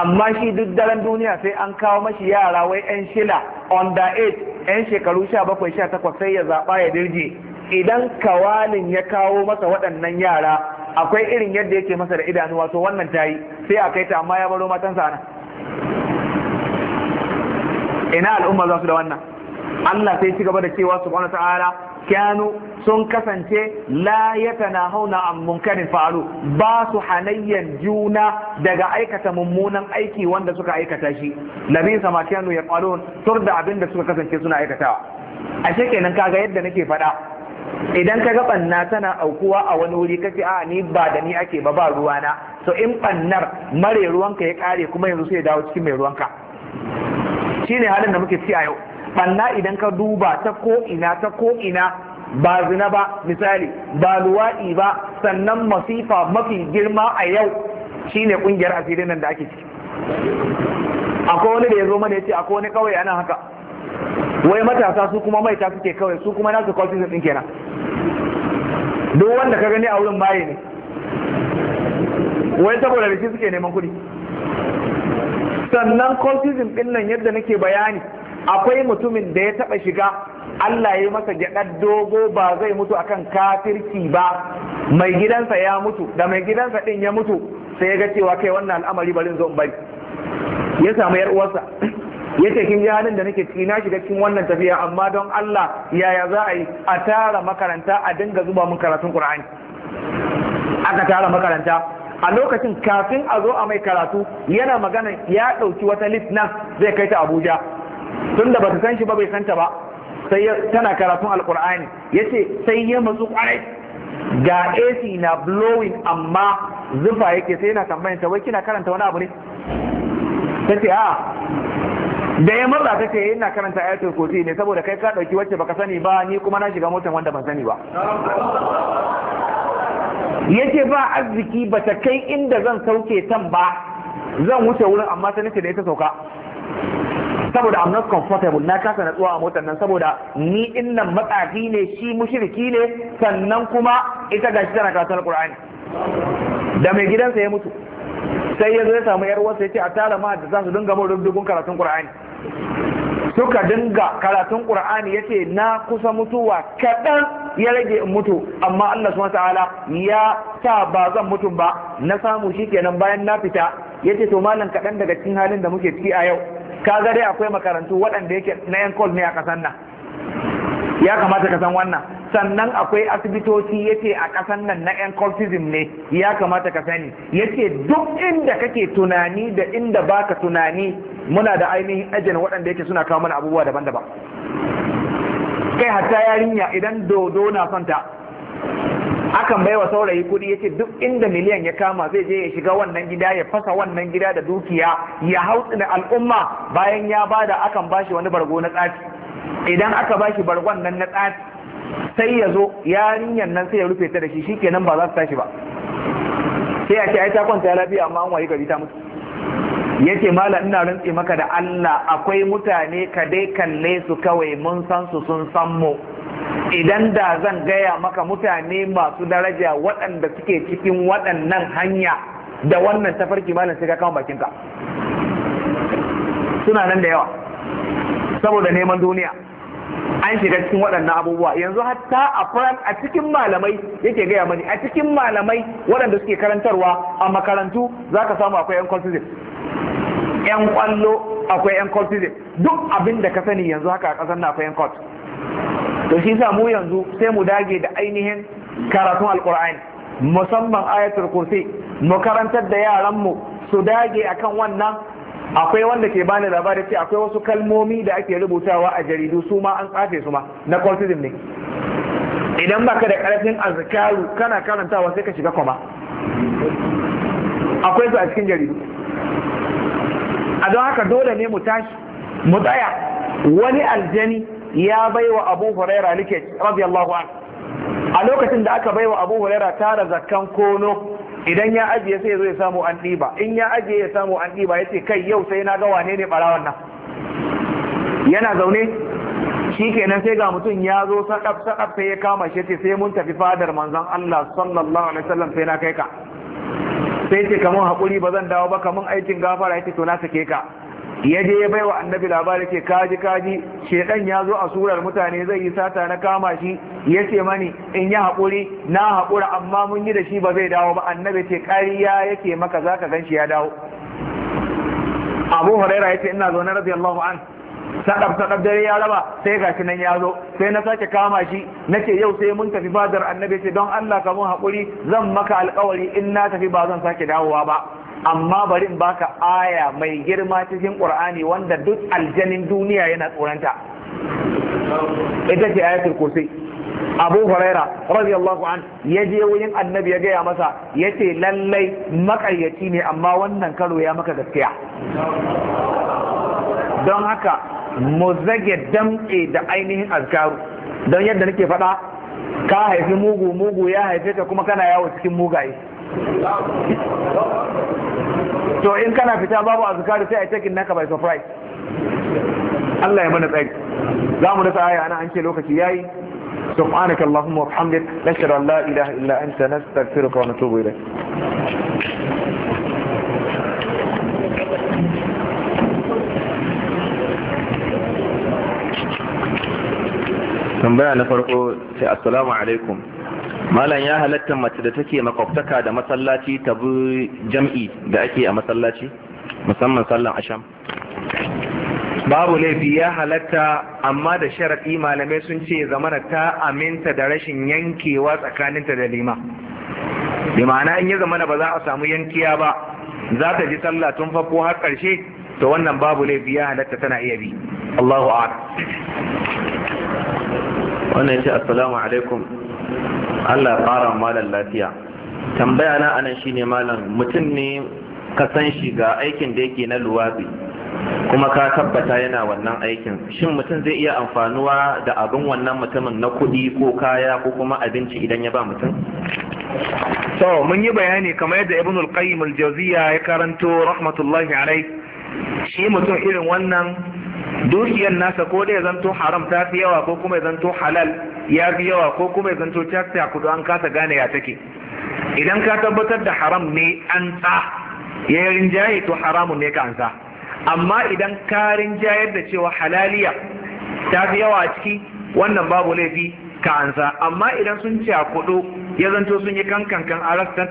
amma shi duk daren duniya sai an kawo mashi yara wai 'yan shila under the 'yan shekaru sha bakwai sha takwas sai ya zaɓa ya dirje idan kawalin ya kawo masa waɗannan yara akwai irin yadda yake masa da idanu wato wannan ta yi sai a kai ta amma ya baro matansa sana ina al'umma za su da wannan Allah sai ci gaba da cewa subhanahu ta'ala kyanu sun kasance la na an munkarin faru. ba su hanayyan juna daga aikata mummunan aiki wanda suka aikata shi Labin sama kyanu ya qalun tur da abin da suka kasance suna aikatawa ashe kenan kaga yadda nake faɗa idan ka ga banna tana aukuwa a wani wuri kace a ni ba da ni ake ba ba ruwa na. to in bannar mare ruwanka ya kare kuma yanzu sai ya dawo cikin mai ruwanka shine halin da muke ci a yau banna idan ka duba ta ko ina ta ko ina ba zina ba misali ba luwa'i ba sannan masifa mafi girma a yau shine kungiyar asirin nan da ake ciki akwai wani da ya zo mana ya ce akwai wani kawai ana haka wai matasa su kuma maita suke kawai su kuma nasu kwalfisin ɗin kenan duk wanda ka gani a wurin baye ne wai saboda da shi suke neman kudi sannan kwalfisin ɗin nan yadda nake bayani akwai mutumin da ya taɓa shiga Allah ya masa gyaɗar dogo ba zai mutu akan kafirki ba mai gidansa ya mutu da mai gidansa ɗin ya mutu sai ya ga cewa kai wannan al'amari barin zo bari ya samu yar uwarsa ya ce kin ji halin da nake ciki na shiga cikin wannan tafiya amma don Allah yaya za a yi a tara makaranta a dinga zuba mun karatun Qur'ani aka tara makaranta a lokacin kafin a zo a mai karatu yana magana ya ɗauki wata list nan zai kai ta Abuja tunda ba ta san shi ba bai santa ba sai tana karatun alkur'ani ce sai ya matsu kwarai ga AC na blowing amma zufa yake sai yana tambayin ta wai kina karanta wani abu ne Ta ce a da ya murza ta ce yana karanta ayatul kursi ne saboda kai ka dauki wacce baka sani ba ni kuma na shiga motar wanda ban sani ba Ya ce ba arziki ba ta kai inda zan sauke tan ba zan wuce wurin amma ta nace da ita sauka saboda I'm not comfortable na kasa natsuwa a motar nan saboda ni innan matsafi ne shi mushriki ne sannan kuma ita gashi tana karatun Qur'ani da mai gidansa ya mutu sai ya zo ya samu yar uwarsa ya ce a tara ma da za su dinga mun rubdugun karatun Qur'ani suka dinga karatun Qur'ani yace na kusa mutuwa kaɗan ya rage in mutu amma Allah subhanahu ta'ala ya sa ba zan mutu ba na samu shi shikenan bayan na fita yace to malam kaɗan daga cikin halin da muke ciki a yau kaga dai akwai makarantu waɗanda yake na yan kol ne a ƙasan nan ya kamata ka san wannan sannan akwai asibitoci yace a ƙasan nan na 'yan kolfizim ne ya kamata ka sani yace duk inda kake tunani da inda baka tunani muna da ainihin ajin waɗanda yake suna kawo mana abubuwa daban-daban kai hatta yarinya idan dodo na son akan baiwa saurayi kudi yace duk inda miliyan ya kama zai je ya shiga wannan gida ya fasa wannan gida da dukiya ya hautsina al'umma bayan ya bada akan bashi wani bargo na tsafi idan aka bashi bargon nan na tsafi sai ya zo yarinyar nan sai ya rufe ta da shi shikenan ba za su tashi ba sai a ce ai ta kwanta lafiya amma an waye gari ta mutu yace mala ina rantse maka da Allah akwai mutane ka dai kalle su kawai mun san su sun san mu idan da zan gaya maka mutane masu daraja waɗanda suke cikin waɗannan hanya da wannan tafarki malam sai ka kama bakinka suna nan da yawa saboda neman duniya an shiga cikin waɗannan abubuwa yanzu hatta a faran a cikin malamai yake gaya mani a cikin malamai waɗanda suke karantarwa a makarantu za ka samu akwai 'yan cultism 'yan kwallo akwai 'yan cultism duk abin da ka sani yanzu haka a ƙasar na akwai 'yan cultism to shi sa mu yanzu sai mu dage da ainihin karatun alkur'ani musamman ayatul kursi mu karantar da yaranmu su dage akan wannan akwai wanda ke bani labari ce akwai wasu kalmomi da ake rubutawa a jaridu su ma an tsafe su ma na kwartizim ne idan baka da karfin azkaru kana karantawa sai ka shiga kwama akwai su a cikin jaridu a don haka dole ne mu tashi mu tsaya wani aljani ya baiwa abu huraira like radiyallahu an a lokacin da aka baiwa abu huraira tara zakkan kono idan ya ajiye sai zo ya samu an ɗiba in ya ajiye ya samu an ɗiba ya ce kai yau sai na ga wane ne nan yana zaune shi kenan sai ga mutum ya zo saɗaf saɗaf sai ya kama shi ce sai mun tafi fadar manzon Allah sallallahu alaihi wasallam sai na kai ka sai ce kamar haƙuri ba zan dawo ba kamar aikin gafara ya ce to na sake ka ya je ya bai wa annabi labari ce kaji kaji shedan ya zo a surar mutane zai yi sata na kama shi ya ce mani in yi haƙuri na haƙura amma mun yi da shi ba zai dawo ba annabi ce ƙarya yake maka za ka gan shi ya dawo abu huraira ya ce ina zaune radiyallahu an sadab sadab dare ya raba sai ga shi nan ya zo sai na sake kama shi na ce yau sai mun tafi fadar annabi ce don allah ka mun haƙuri zan maka alƙawari in na tafi ba zan sake dawowa ba amma bari in baka aya mai girma cikin qur'ani wanda duk aljanin duniya yana tsoranta ita ce ayatul kursi abu huraira radiyallahu an ya je wurin annabi ya gaya masa ya ce lallai makaryaci ne amma wannan karo ya maka gaskiya don haka mu zage damke da ainihin azkaru don yadda nake faɗa ka haifi mugu mugu ya haife ka kuma kana yawo cikin mugaye to in kana fita babu azkar sai ai taking naka by surprise Allah ya mana tsari zamu mu rasa aya ana an ce lokaci yayi subhanaka allahumma wa اللهم وبحمدك نشهد la ilaha illa anta nastaghfiruka wa natubu ilayk
tambaya na farko sai assalamu alaikum malam ya halatta mace da take makwabtaka da masallaci ta bi jam'i da ake a masallaci musamman sallan
asham babu laifi ya halatta amma da sharaɗi malamai sun ce zamana ta aminta da rashin yankewa tsakaninta da lima bi ma'ana in ya zamana ba za a samu yankiya ba za ta ji sallah tun farko har ƙarshe to wannan babu laifi ya halatta tana iya bi Allahu a'lam
wannan ce assalamu alaikum Allah ya fara malam lafiya tambaya na anan shine malam mutum ne ka san shi ga aikin da yake na luwabi kuma ka tabbata yana wannan aikin shin mutum zai iya amfanuwa da abin wannan mutumin na kuɗi ko kaya ko kuma abinci idan ya ba mutum
so mun yi bayani kamar yadda ibn al-qayyim al-jawziya ya karanto rahmatullahi alai shi mutum irin wannan dukiyar nasa ko da ya zanto haram ta fi yawa ko kuma ya zanto halal ya fi yawa ko kuma ya zanto ta kudu an kasa gane ya take idan ka tabbatar da haram ne an tsa ya rinjaye to haramun ne ka an tsa amma idan ka rinjayar da cewa halaliya ta fi yawa a ciki wannan babu laifi ka an tsa amma idan sun ci a kudu ya zanto sun yi kankankan a rasa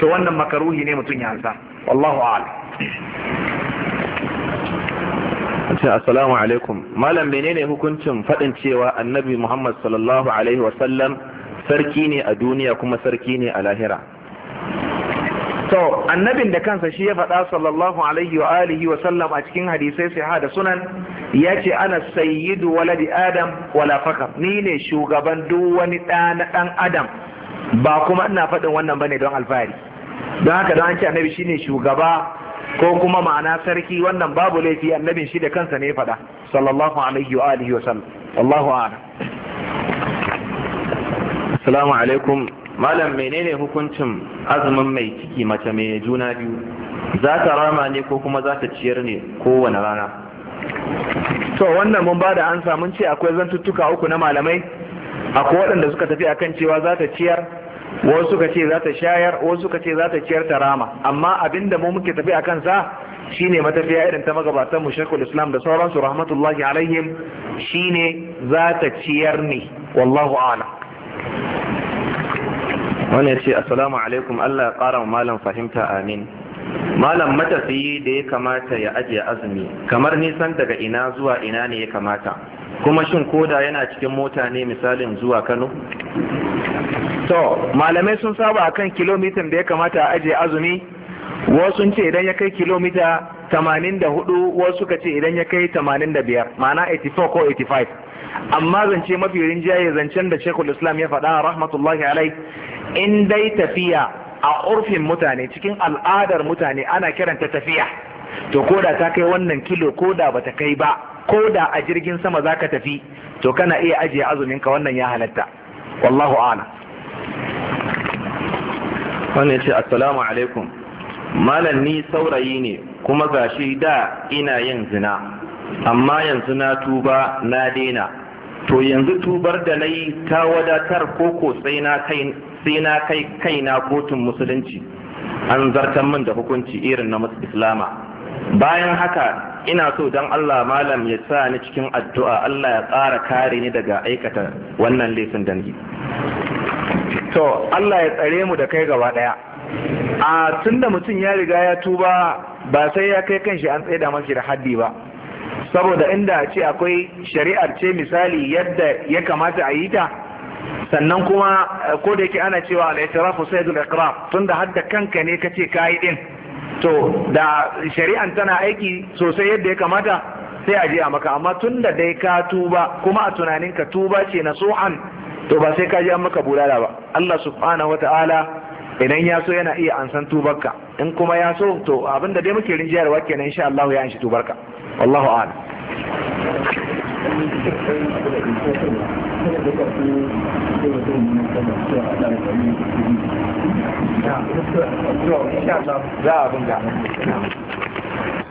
to wannan makaruhi ne mutum ya an tsa.
ce assalamu alaikum malam menene hukuncin faɗin cewa annabi muhammad sallallahu alaihi wasallam sarki ne a duniya kuma sarki ne a lahira
to annabin da kansa shi ya faɗa sallallahu alaihi wa alihi wa sallam a cikin hadisai sai da sunan ya ce ana sayyidu waladi adam wala fakar ni ne shugaban duk wani ɗa na ɗan adam ba kuma ina faɗin wannan bane don alfahari don haka don an ce annabi shine shugaba ko kuma ma'ana sarki wannan babu laifi annabin shi da kansa ne faɗa sallallahu alaihi wa alihi wa sallam Allahu a'lam Assalamu alaikum malam menene
hukuncin azumin mai ciki mace mai juna biyu za ta rama ne ko kuma za ta ciyar ne kowane rana
to wannan mun bada ansa mun ce akwai zantuttuka uku na malamai akwai waɗanda suka tafi akan cewa za ta ciyar wasu suka ce za ta shayar wasu suka ce za ta ciyar ta rama amma abinda mu muke tafi a kansa shine matafiya irin ta magabatan mu islam da sauransu rahmatullahi alaihim shine za ta ciyar ne wallahu ala
wani ce assalamu alaikum Allah ya kara malam fahimta amin malam matafiyi da ya kamata ya ajiye azumi kamar nisan daga ina zuwa ina ne ya kamata kuma shin koda yana cikin mota ne misalin zuwa Kano to malamai sun saba
akan kilomitan da ya kamata a ajiye azumi wasu ce idan ya kai kilomita 84 wasu ka ce idan ya kai 85 ma'ana 84 ko 85 amma zance mafi rinjaye zancen da shekul islam ya faɗa rahmatullahi alai in dai tafiya a urfin mutane cikin al'adar mutane ana kiranta tafiya to koda ta kai wannan kilo koda bata kai ba koda a jirgin sama zaka tafi to kana iya ajiye azumin ka wannan ya halatta wallahu ana
wannan ce assalamu alaikum malam ni saurayi ne kuma gashi da ina yin zina amma yanzu na tuba na daina to yanzu tubar da na yi ta wadatar koko sai na kai kaina kotun musulunci an zartan min da hukunci irin na islama bayan haka ina so don Allah malam ya sa ni cikin addu'a Allah ya tsara kare ni daga aikata wannan laifin da
to Allah ya tsare mu da kai gaba daya a tunda mutum ya riga ya tuba ba sai ya kai kanshi an da mafi da haddi ba saboda inda ce akwai shari'ar ce misali yadda ya kamata a yi ta sannan kuma eh, ko da yake ana cewa al tunda hadda kanka ne ka ka yi ɗin. to da shari'an tana aiki sosai yadda ya kamata sai a je a maka amma tun da dai ka tuba kuma a tunanin ka tuba ce na suhan to ba sai ka je an maka bulala ba Allah subhanahu wataala idan ya so yana iya ansan tubarka in kuma ya so to abin da dai muke rinjiyarwa kenan insha Allah ya anshi tubarka wallahu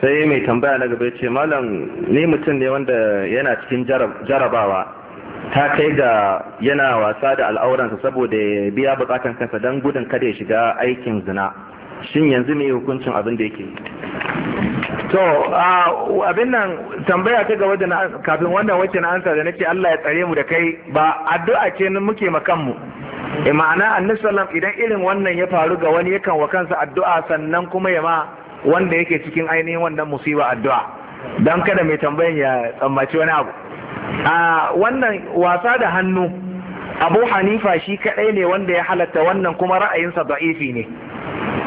sai
mai tambaya na gaba ce malam ni mutum ne wanda yana cikin jarabawa ta kai ga yana wasa da al'auransa saboda ya biya bukatan kansa don gudun kada ya shiga aikin zina shin yanzu mai hukuncin abin da yake
to abin nan tambaya ta gaba da kafin wannan wacce na ansa da nake Allah ya tsare mu da kai ba addu'a ce ni muke makan mu e ma'ana annabi sallam idan irin wannan ya faru ga wani yakan wa kansa addu'a sannan kuma ya ma wanda yake cikin ainihin wannan musiba addu'a dan kada mai tambayan ya tsammaci wani abu a wannan wasa da hannu Abu Hanifa shi kadai ne wanda ya halatta wannan kuma ra'ayinsa da'ifi ne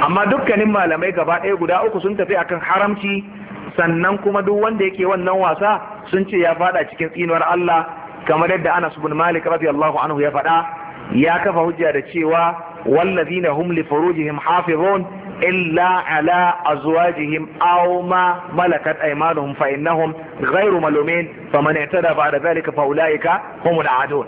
amma dukkanin malamai gaba ɗaya guda uku sun tafi akan haramci sannan kuma duk wanda yake wannan wasa sun ce ya fada cikin tsinuwar Allah kamar yadda Anas bin Malik radiyallahu anhu ya faɗa ya kafa hujja da cewa wallazina hum li furujihim hafizun illa ala azwajihim aw ma malakat aymanuhum fa innahum ghayru malumin faman i'tada ba'da dhalika fa ulaika humul adun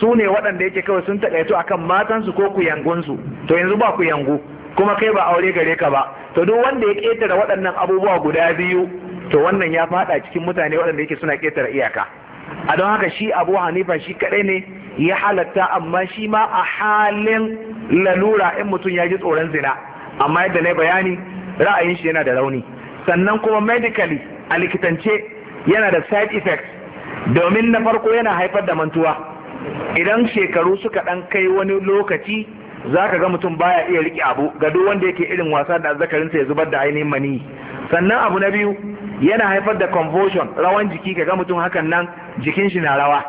su ne waɗanda yake kawai sun taƙaito akan matansu ko kuyangunsu to yanzu ba kuyangu kuma kai ba aure gare ka ba to duk wanda ya ketare waɗannan abubuwa guda biyu to wannan ya faɗa cikin mutane waɗanda yake suna ƙetare iyaka a don haka shi abu hanifa shi kaɗai ne ya halatta amma shi ma a halin lalura in mutum ya ji tsoron zina amma yadda na bayani ra'ayin shi yana da rauni sannan kuma medically a likitance yana da side effects domin na farko yana haifar da mantuwa idan shekaru suka ɗan kai wani lokaci za ka ga mutum baya iya riƙe abu ga duk wanda yake irin wasa da sa ya zubar da ainihin mani sannan abu na biyu yana haifar da convulsion rawan jiki ga mutum hakan nan jikin shi na rawa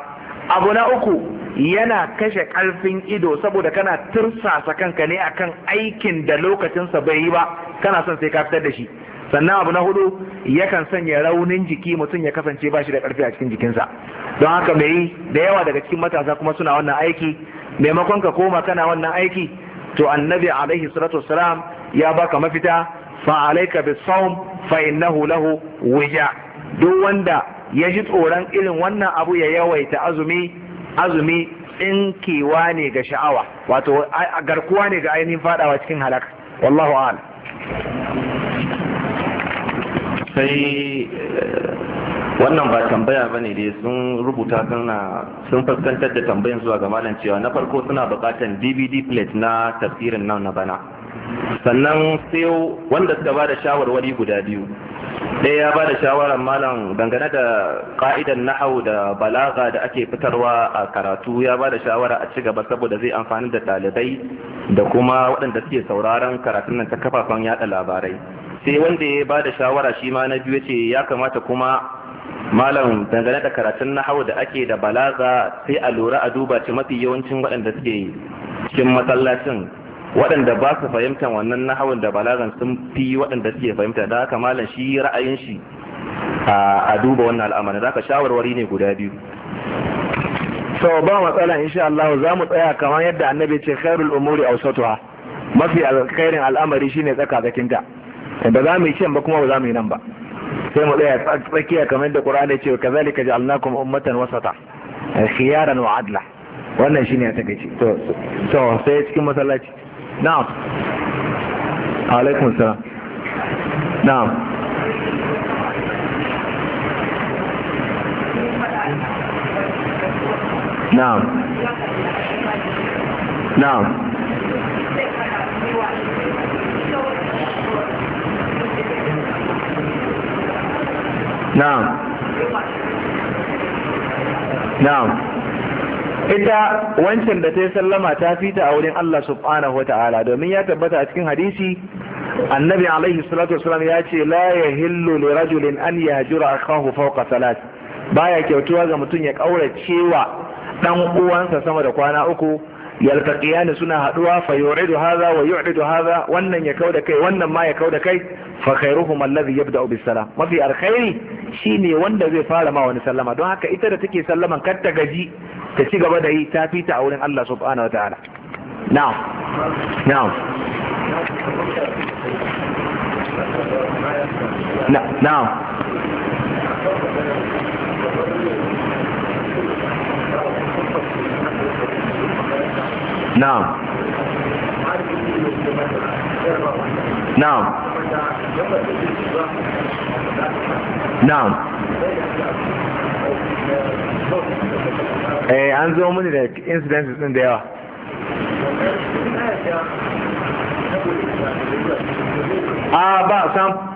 abu na uku yana kashe ƙarfin ido saboda kana tursasa kanka ne akan aikin da lokacinsa bai yi ba kana son sai ka fitar da shi sannan abu na hudu yakan sanya raunin jiki mutum ya kasance ba shi da ƙarfi a cikin jikinsa don haka yi da yawa daga cikin matasa kuma suna wannan aiki maimakon ka koma kana wannan aiki to annabi alaihi salatu wassalam ya baka mafita fa alayka bisawm fa innahu lahu wija duk wanda ya ji tsoron irin wannan abu ya yawaita azumi azumi tsinkewa ne ga sha'awa wato garkuwa ne ga ainihin fadawa cikin halaka wallahu a'lam
sai wannan ba tambaya ba ne dai sun rubuta suna sun fuskantar da tambayin zuwa ga malam cewa na farko suna bukatan dvd plate na tafsirin nan na bana sannan sai wanda suka ba da shawarwari guda biyu ɗaya ya ba da shawarar malam dangane da ka'idan nahau da balaga da ake fitarwa a karatu ya ba da shawara a ci gaba saboda zai amfani da ɗalibai da kuma waɗanda suke sauraron karatun nan ta kafafen yada labarai sai wanda ya ba da shawara shi ma na biyu ce ya kamata kuma malam dangane da karatun nahawu da ake da balaga sai a lura a duba ce mafi yawancin waɗanda suke cikin masallacin waɗanda ba su fahimtar wannan nahawun da balagan sun fi waɗanda suke fahimta da haka malam shi ra'ayin shi a duba wannan al'amarin da haka shawarwari ne guda biyu
so ba matsala insha Allah za mu tsaya kamar yadda annabi ce khairul umuri awsatuha mafi alkhairin al'amari shine tsaka zakinta da za mu yi ba kuma ba za mu yi nan ba sai mu tsaya tsakiya kamar da qur'ani ce kazalika kuma ummatan wasata khiyaran wa adla wannan shine ya take to to sai cikin masallaci na'am alaikum salam na'am
na'am na'am
na'am
ita wancan da ta yi sallama ta fita a wurin Allah subhanahu wa ta'ala domin ya tabbata a cikin hadisi annabi alaihi salatu wasalam ya ce la yahillu li rajulin an yahjura akahu fawqa salat baya kyautuwa ga mutum ya kaurace wa dan uwansa sama da kwana uku yaltaqiyani suna haduwa fa yuridu hadha wa yuridu hadha wannan ya kauda kai wannan ma ya kauda kai fa khairuhum alladhi yabda'u bis salam mafi alkhairi shine wanda zai fara ma wani sallama don haka ita da take sallaman kar ta gaji ta ci gaba da yi ta fita a wurin Allah subhanahu wa ta'ala na'am
na'am
na'am na'am na'am
na'am eh an zo mini da incidences din da yawa
a ah, ba sam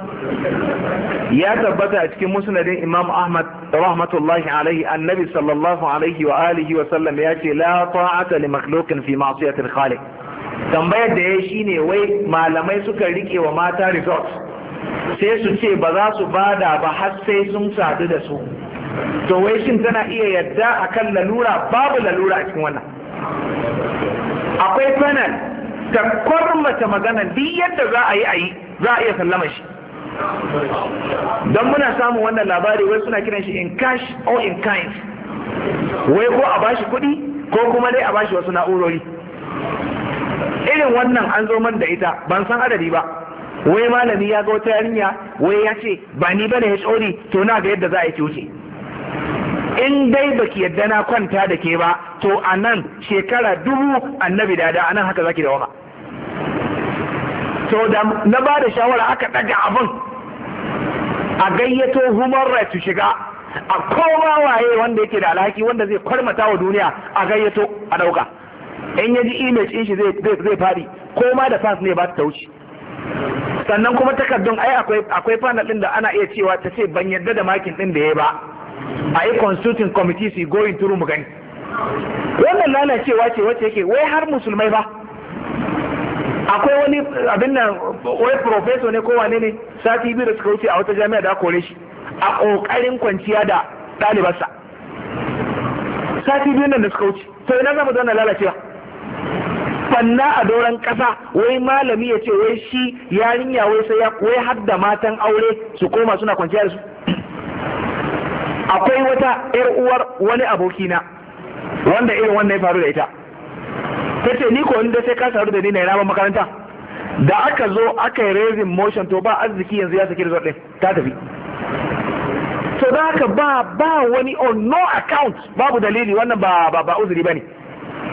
ya tabbata a cikin musnadin imam ahmad rahmatullahi alaihi annabi sallallahu alaihi wa alihi wa sallam ya ce la ta'ata li makhluqin fi ma'siyatil khaliq tambayar da ya shine wai malamai suka rike wa mata resort sai su ce ba za su bada ba har sai sun sadu da su to wai shin tana iya yadda akan lalura babu lalura a cikin wannan akwai panel ta kwarmata magana duk yadda za a yi a yi za a iya sallama shi don muna samun wannan labari wai suna kiran shi in cash or in kind wai ko a bashi kuɗi ko kuma dai a bashi wasu na'urori irin wannan an zo man da ita ban san adadi ba wai malami ya ga wata yarinya wai ya ce ba ni bane HOD to na ga yadda za a yi wuce in dai baki yadda na kwanta da ke ba to a nan shekara dubu annabi dada a nan haka zaki da waka to da na ba da shawara aka ɗaga abin a gayyato human right shiga a kowa waye wanda yake da alhaki wanda zai kwarmata wa duniya a gayyato a ɗauka in ya ji image in shi zai faɗi ko da fans ne ba ta wuce sannan kuma takardun ai akwai panel ɗin da ana iya cewa ta ce ban yarda da makin din da ya ba a yi consulting committee su going through mu gani wannan lalacewa ce wacce yake wai har musulmai ba akwai wani abin nan wai professor ne ko wane ne sati biyu da suka wuce a wata jami'a da kore shi a kokarin kwanciya da ɗalibarsa sati biyu nan da suka wuce to ina za mu zauna lalacewa fanna a doron kasa wai malami ya ce wai shi yarinya wai sai ya wai hadda matan aure su koma suna kwanciya da su akwai wata yar uwar wani abokina wanda irin wannan ya faru da ita ta ce ni ko inda sai ka saru da ni na yi makaranta da aka zo aka yi raising motion to ba arziki yanzu ya saki resort ɗin ta tafi to da aka ba ba wani on no account babu dalili wannan ba ba ba uzuri bane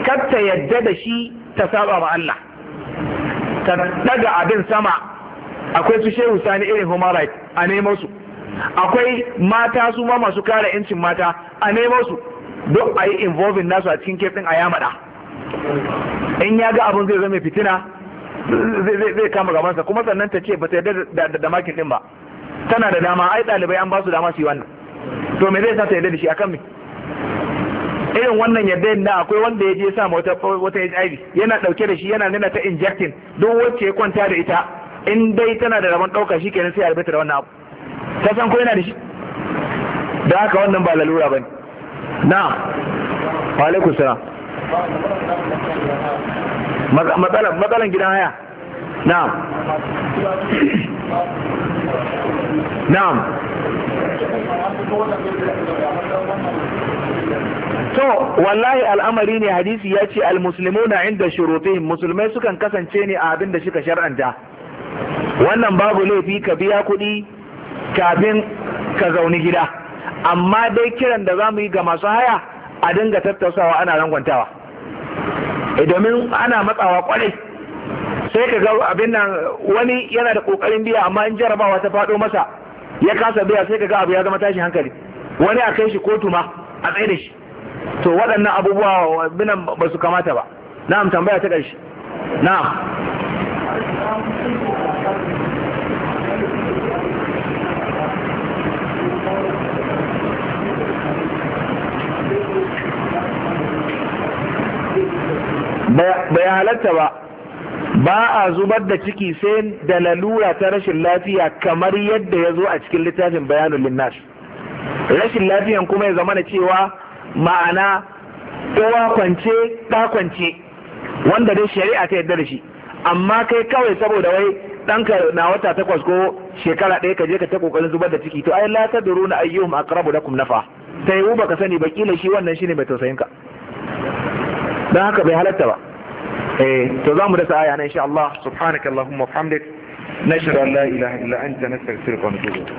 kar ta yadda da shi ta saba ma Allah ta daga abin sama akwai su shehu sani irin human right a nemo su akwai mata su ma masu kare yancin mata a nemo su duk a yi involving nasu a cikin kefin a yamada in ya ga abin zai zama fitina zai kama gabansa kuma sannan ta ce ba ta yarda da makin din ba tana da dama ai ɗalibai an ba su dama su yi wannan to me zai sa ta yarda da shi akan me irin wannan yadda na akwai wanda ya je sa wata wata HIV yana dauke da shi yana nuna ta injecting duk wacce ya kwanta da ita in dai tana da rabon dauka kenan sai ya rubuta wannan abu ta san ko yana da shi da haka wannan ba lalura ba ne. na wa alaikum salam matsalan matsalan gidan haya
na'am na'am
to
wallahi al'amari ne hadisi ya ce na inda shurutihim musulmai sukan kasance ne a abin da suka shar'anta wannan babu laifi ka biya kuɗi kafin ka zauni gida amma dai kiran da za mu yi ga masu haya a dinga tattausawa ana rangwantawa Eh, domin ana matsawa kwarai sai ka ga abin nan wani yana da kokarin biya amma in jarabawa ta faɗo masa ya kasa biya sai ka ga abu ya zama tashi hankali wani a kai shi kotu ma a tsaye da shi to waɗannan abubuwa binan ba su kamata ba na'am tambaya ta ƙarshe na'am bai halatta ba ba a zubar da ciki sai da lalura ta rashin lafiya kamar yadda ya zo a cikin littafin bayanin linnas rashin lafiyan kuma ya zama cewa ma'ana uwa kwance ɗa kwance wanda dai shari'a ta yadda da shi amma kai kawai saboda wai ɗanka na wata takwas ko shekara ɗaya ka je ka ta kokarin zubar da ciki to ai la tadruna ayyuhum aqrabu lakum nafa sai u baka sani ba kila shi wannan shine mai tausayin ka don haka bai halatta ba eh to za mu dasa aya na insha Allah subhanakallahumma wa bihamdik nashhadu an la ilaha illa anta nastaghfiruka wa natubu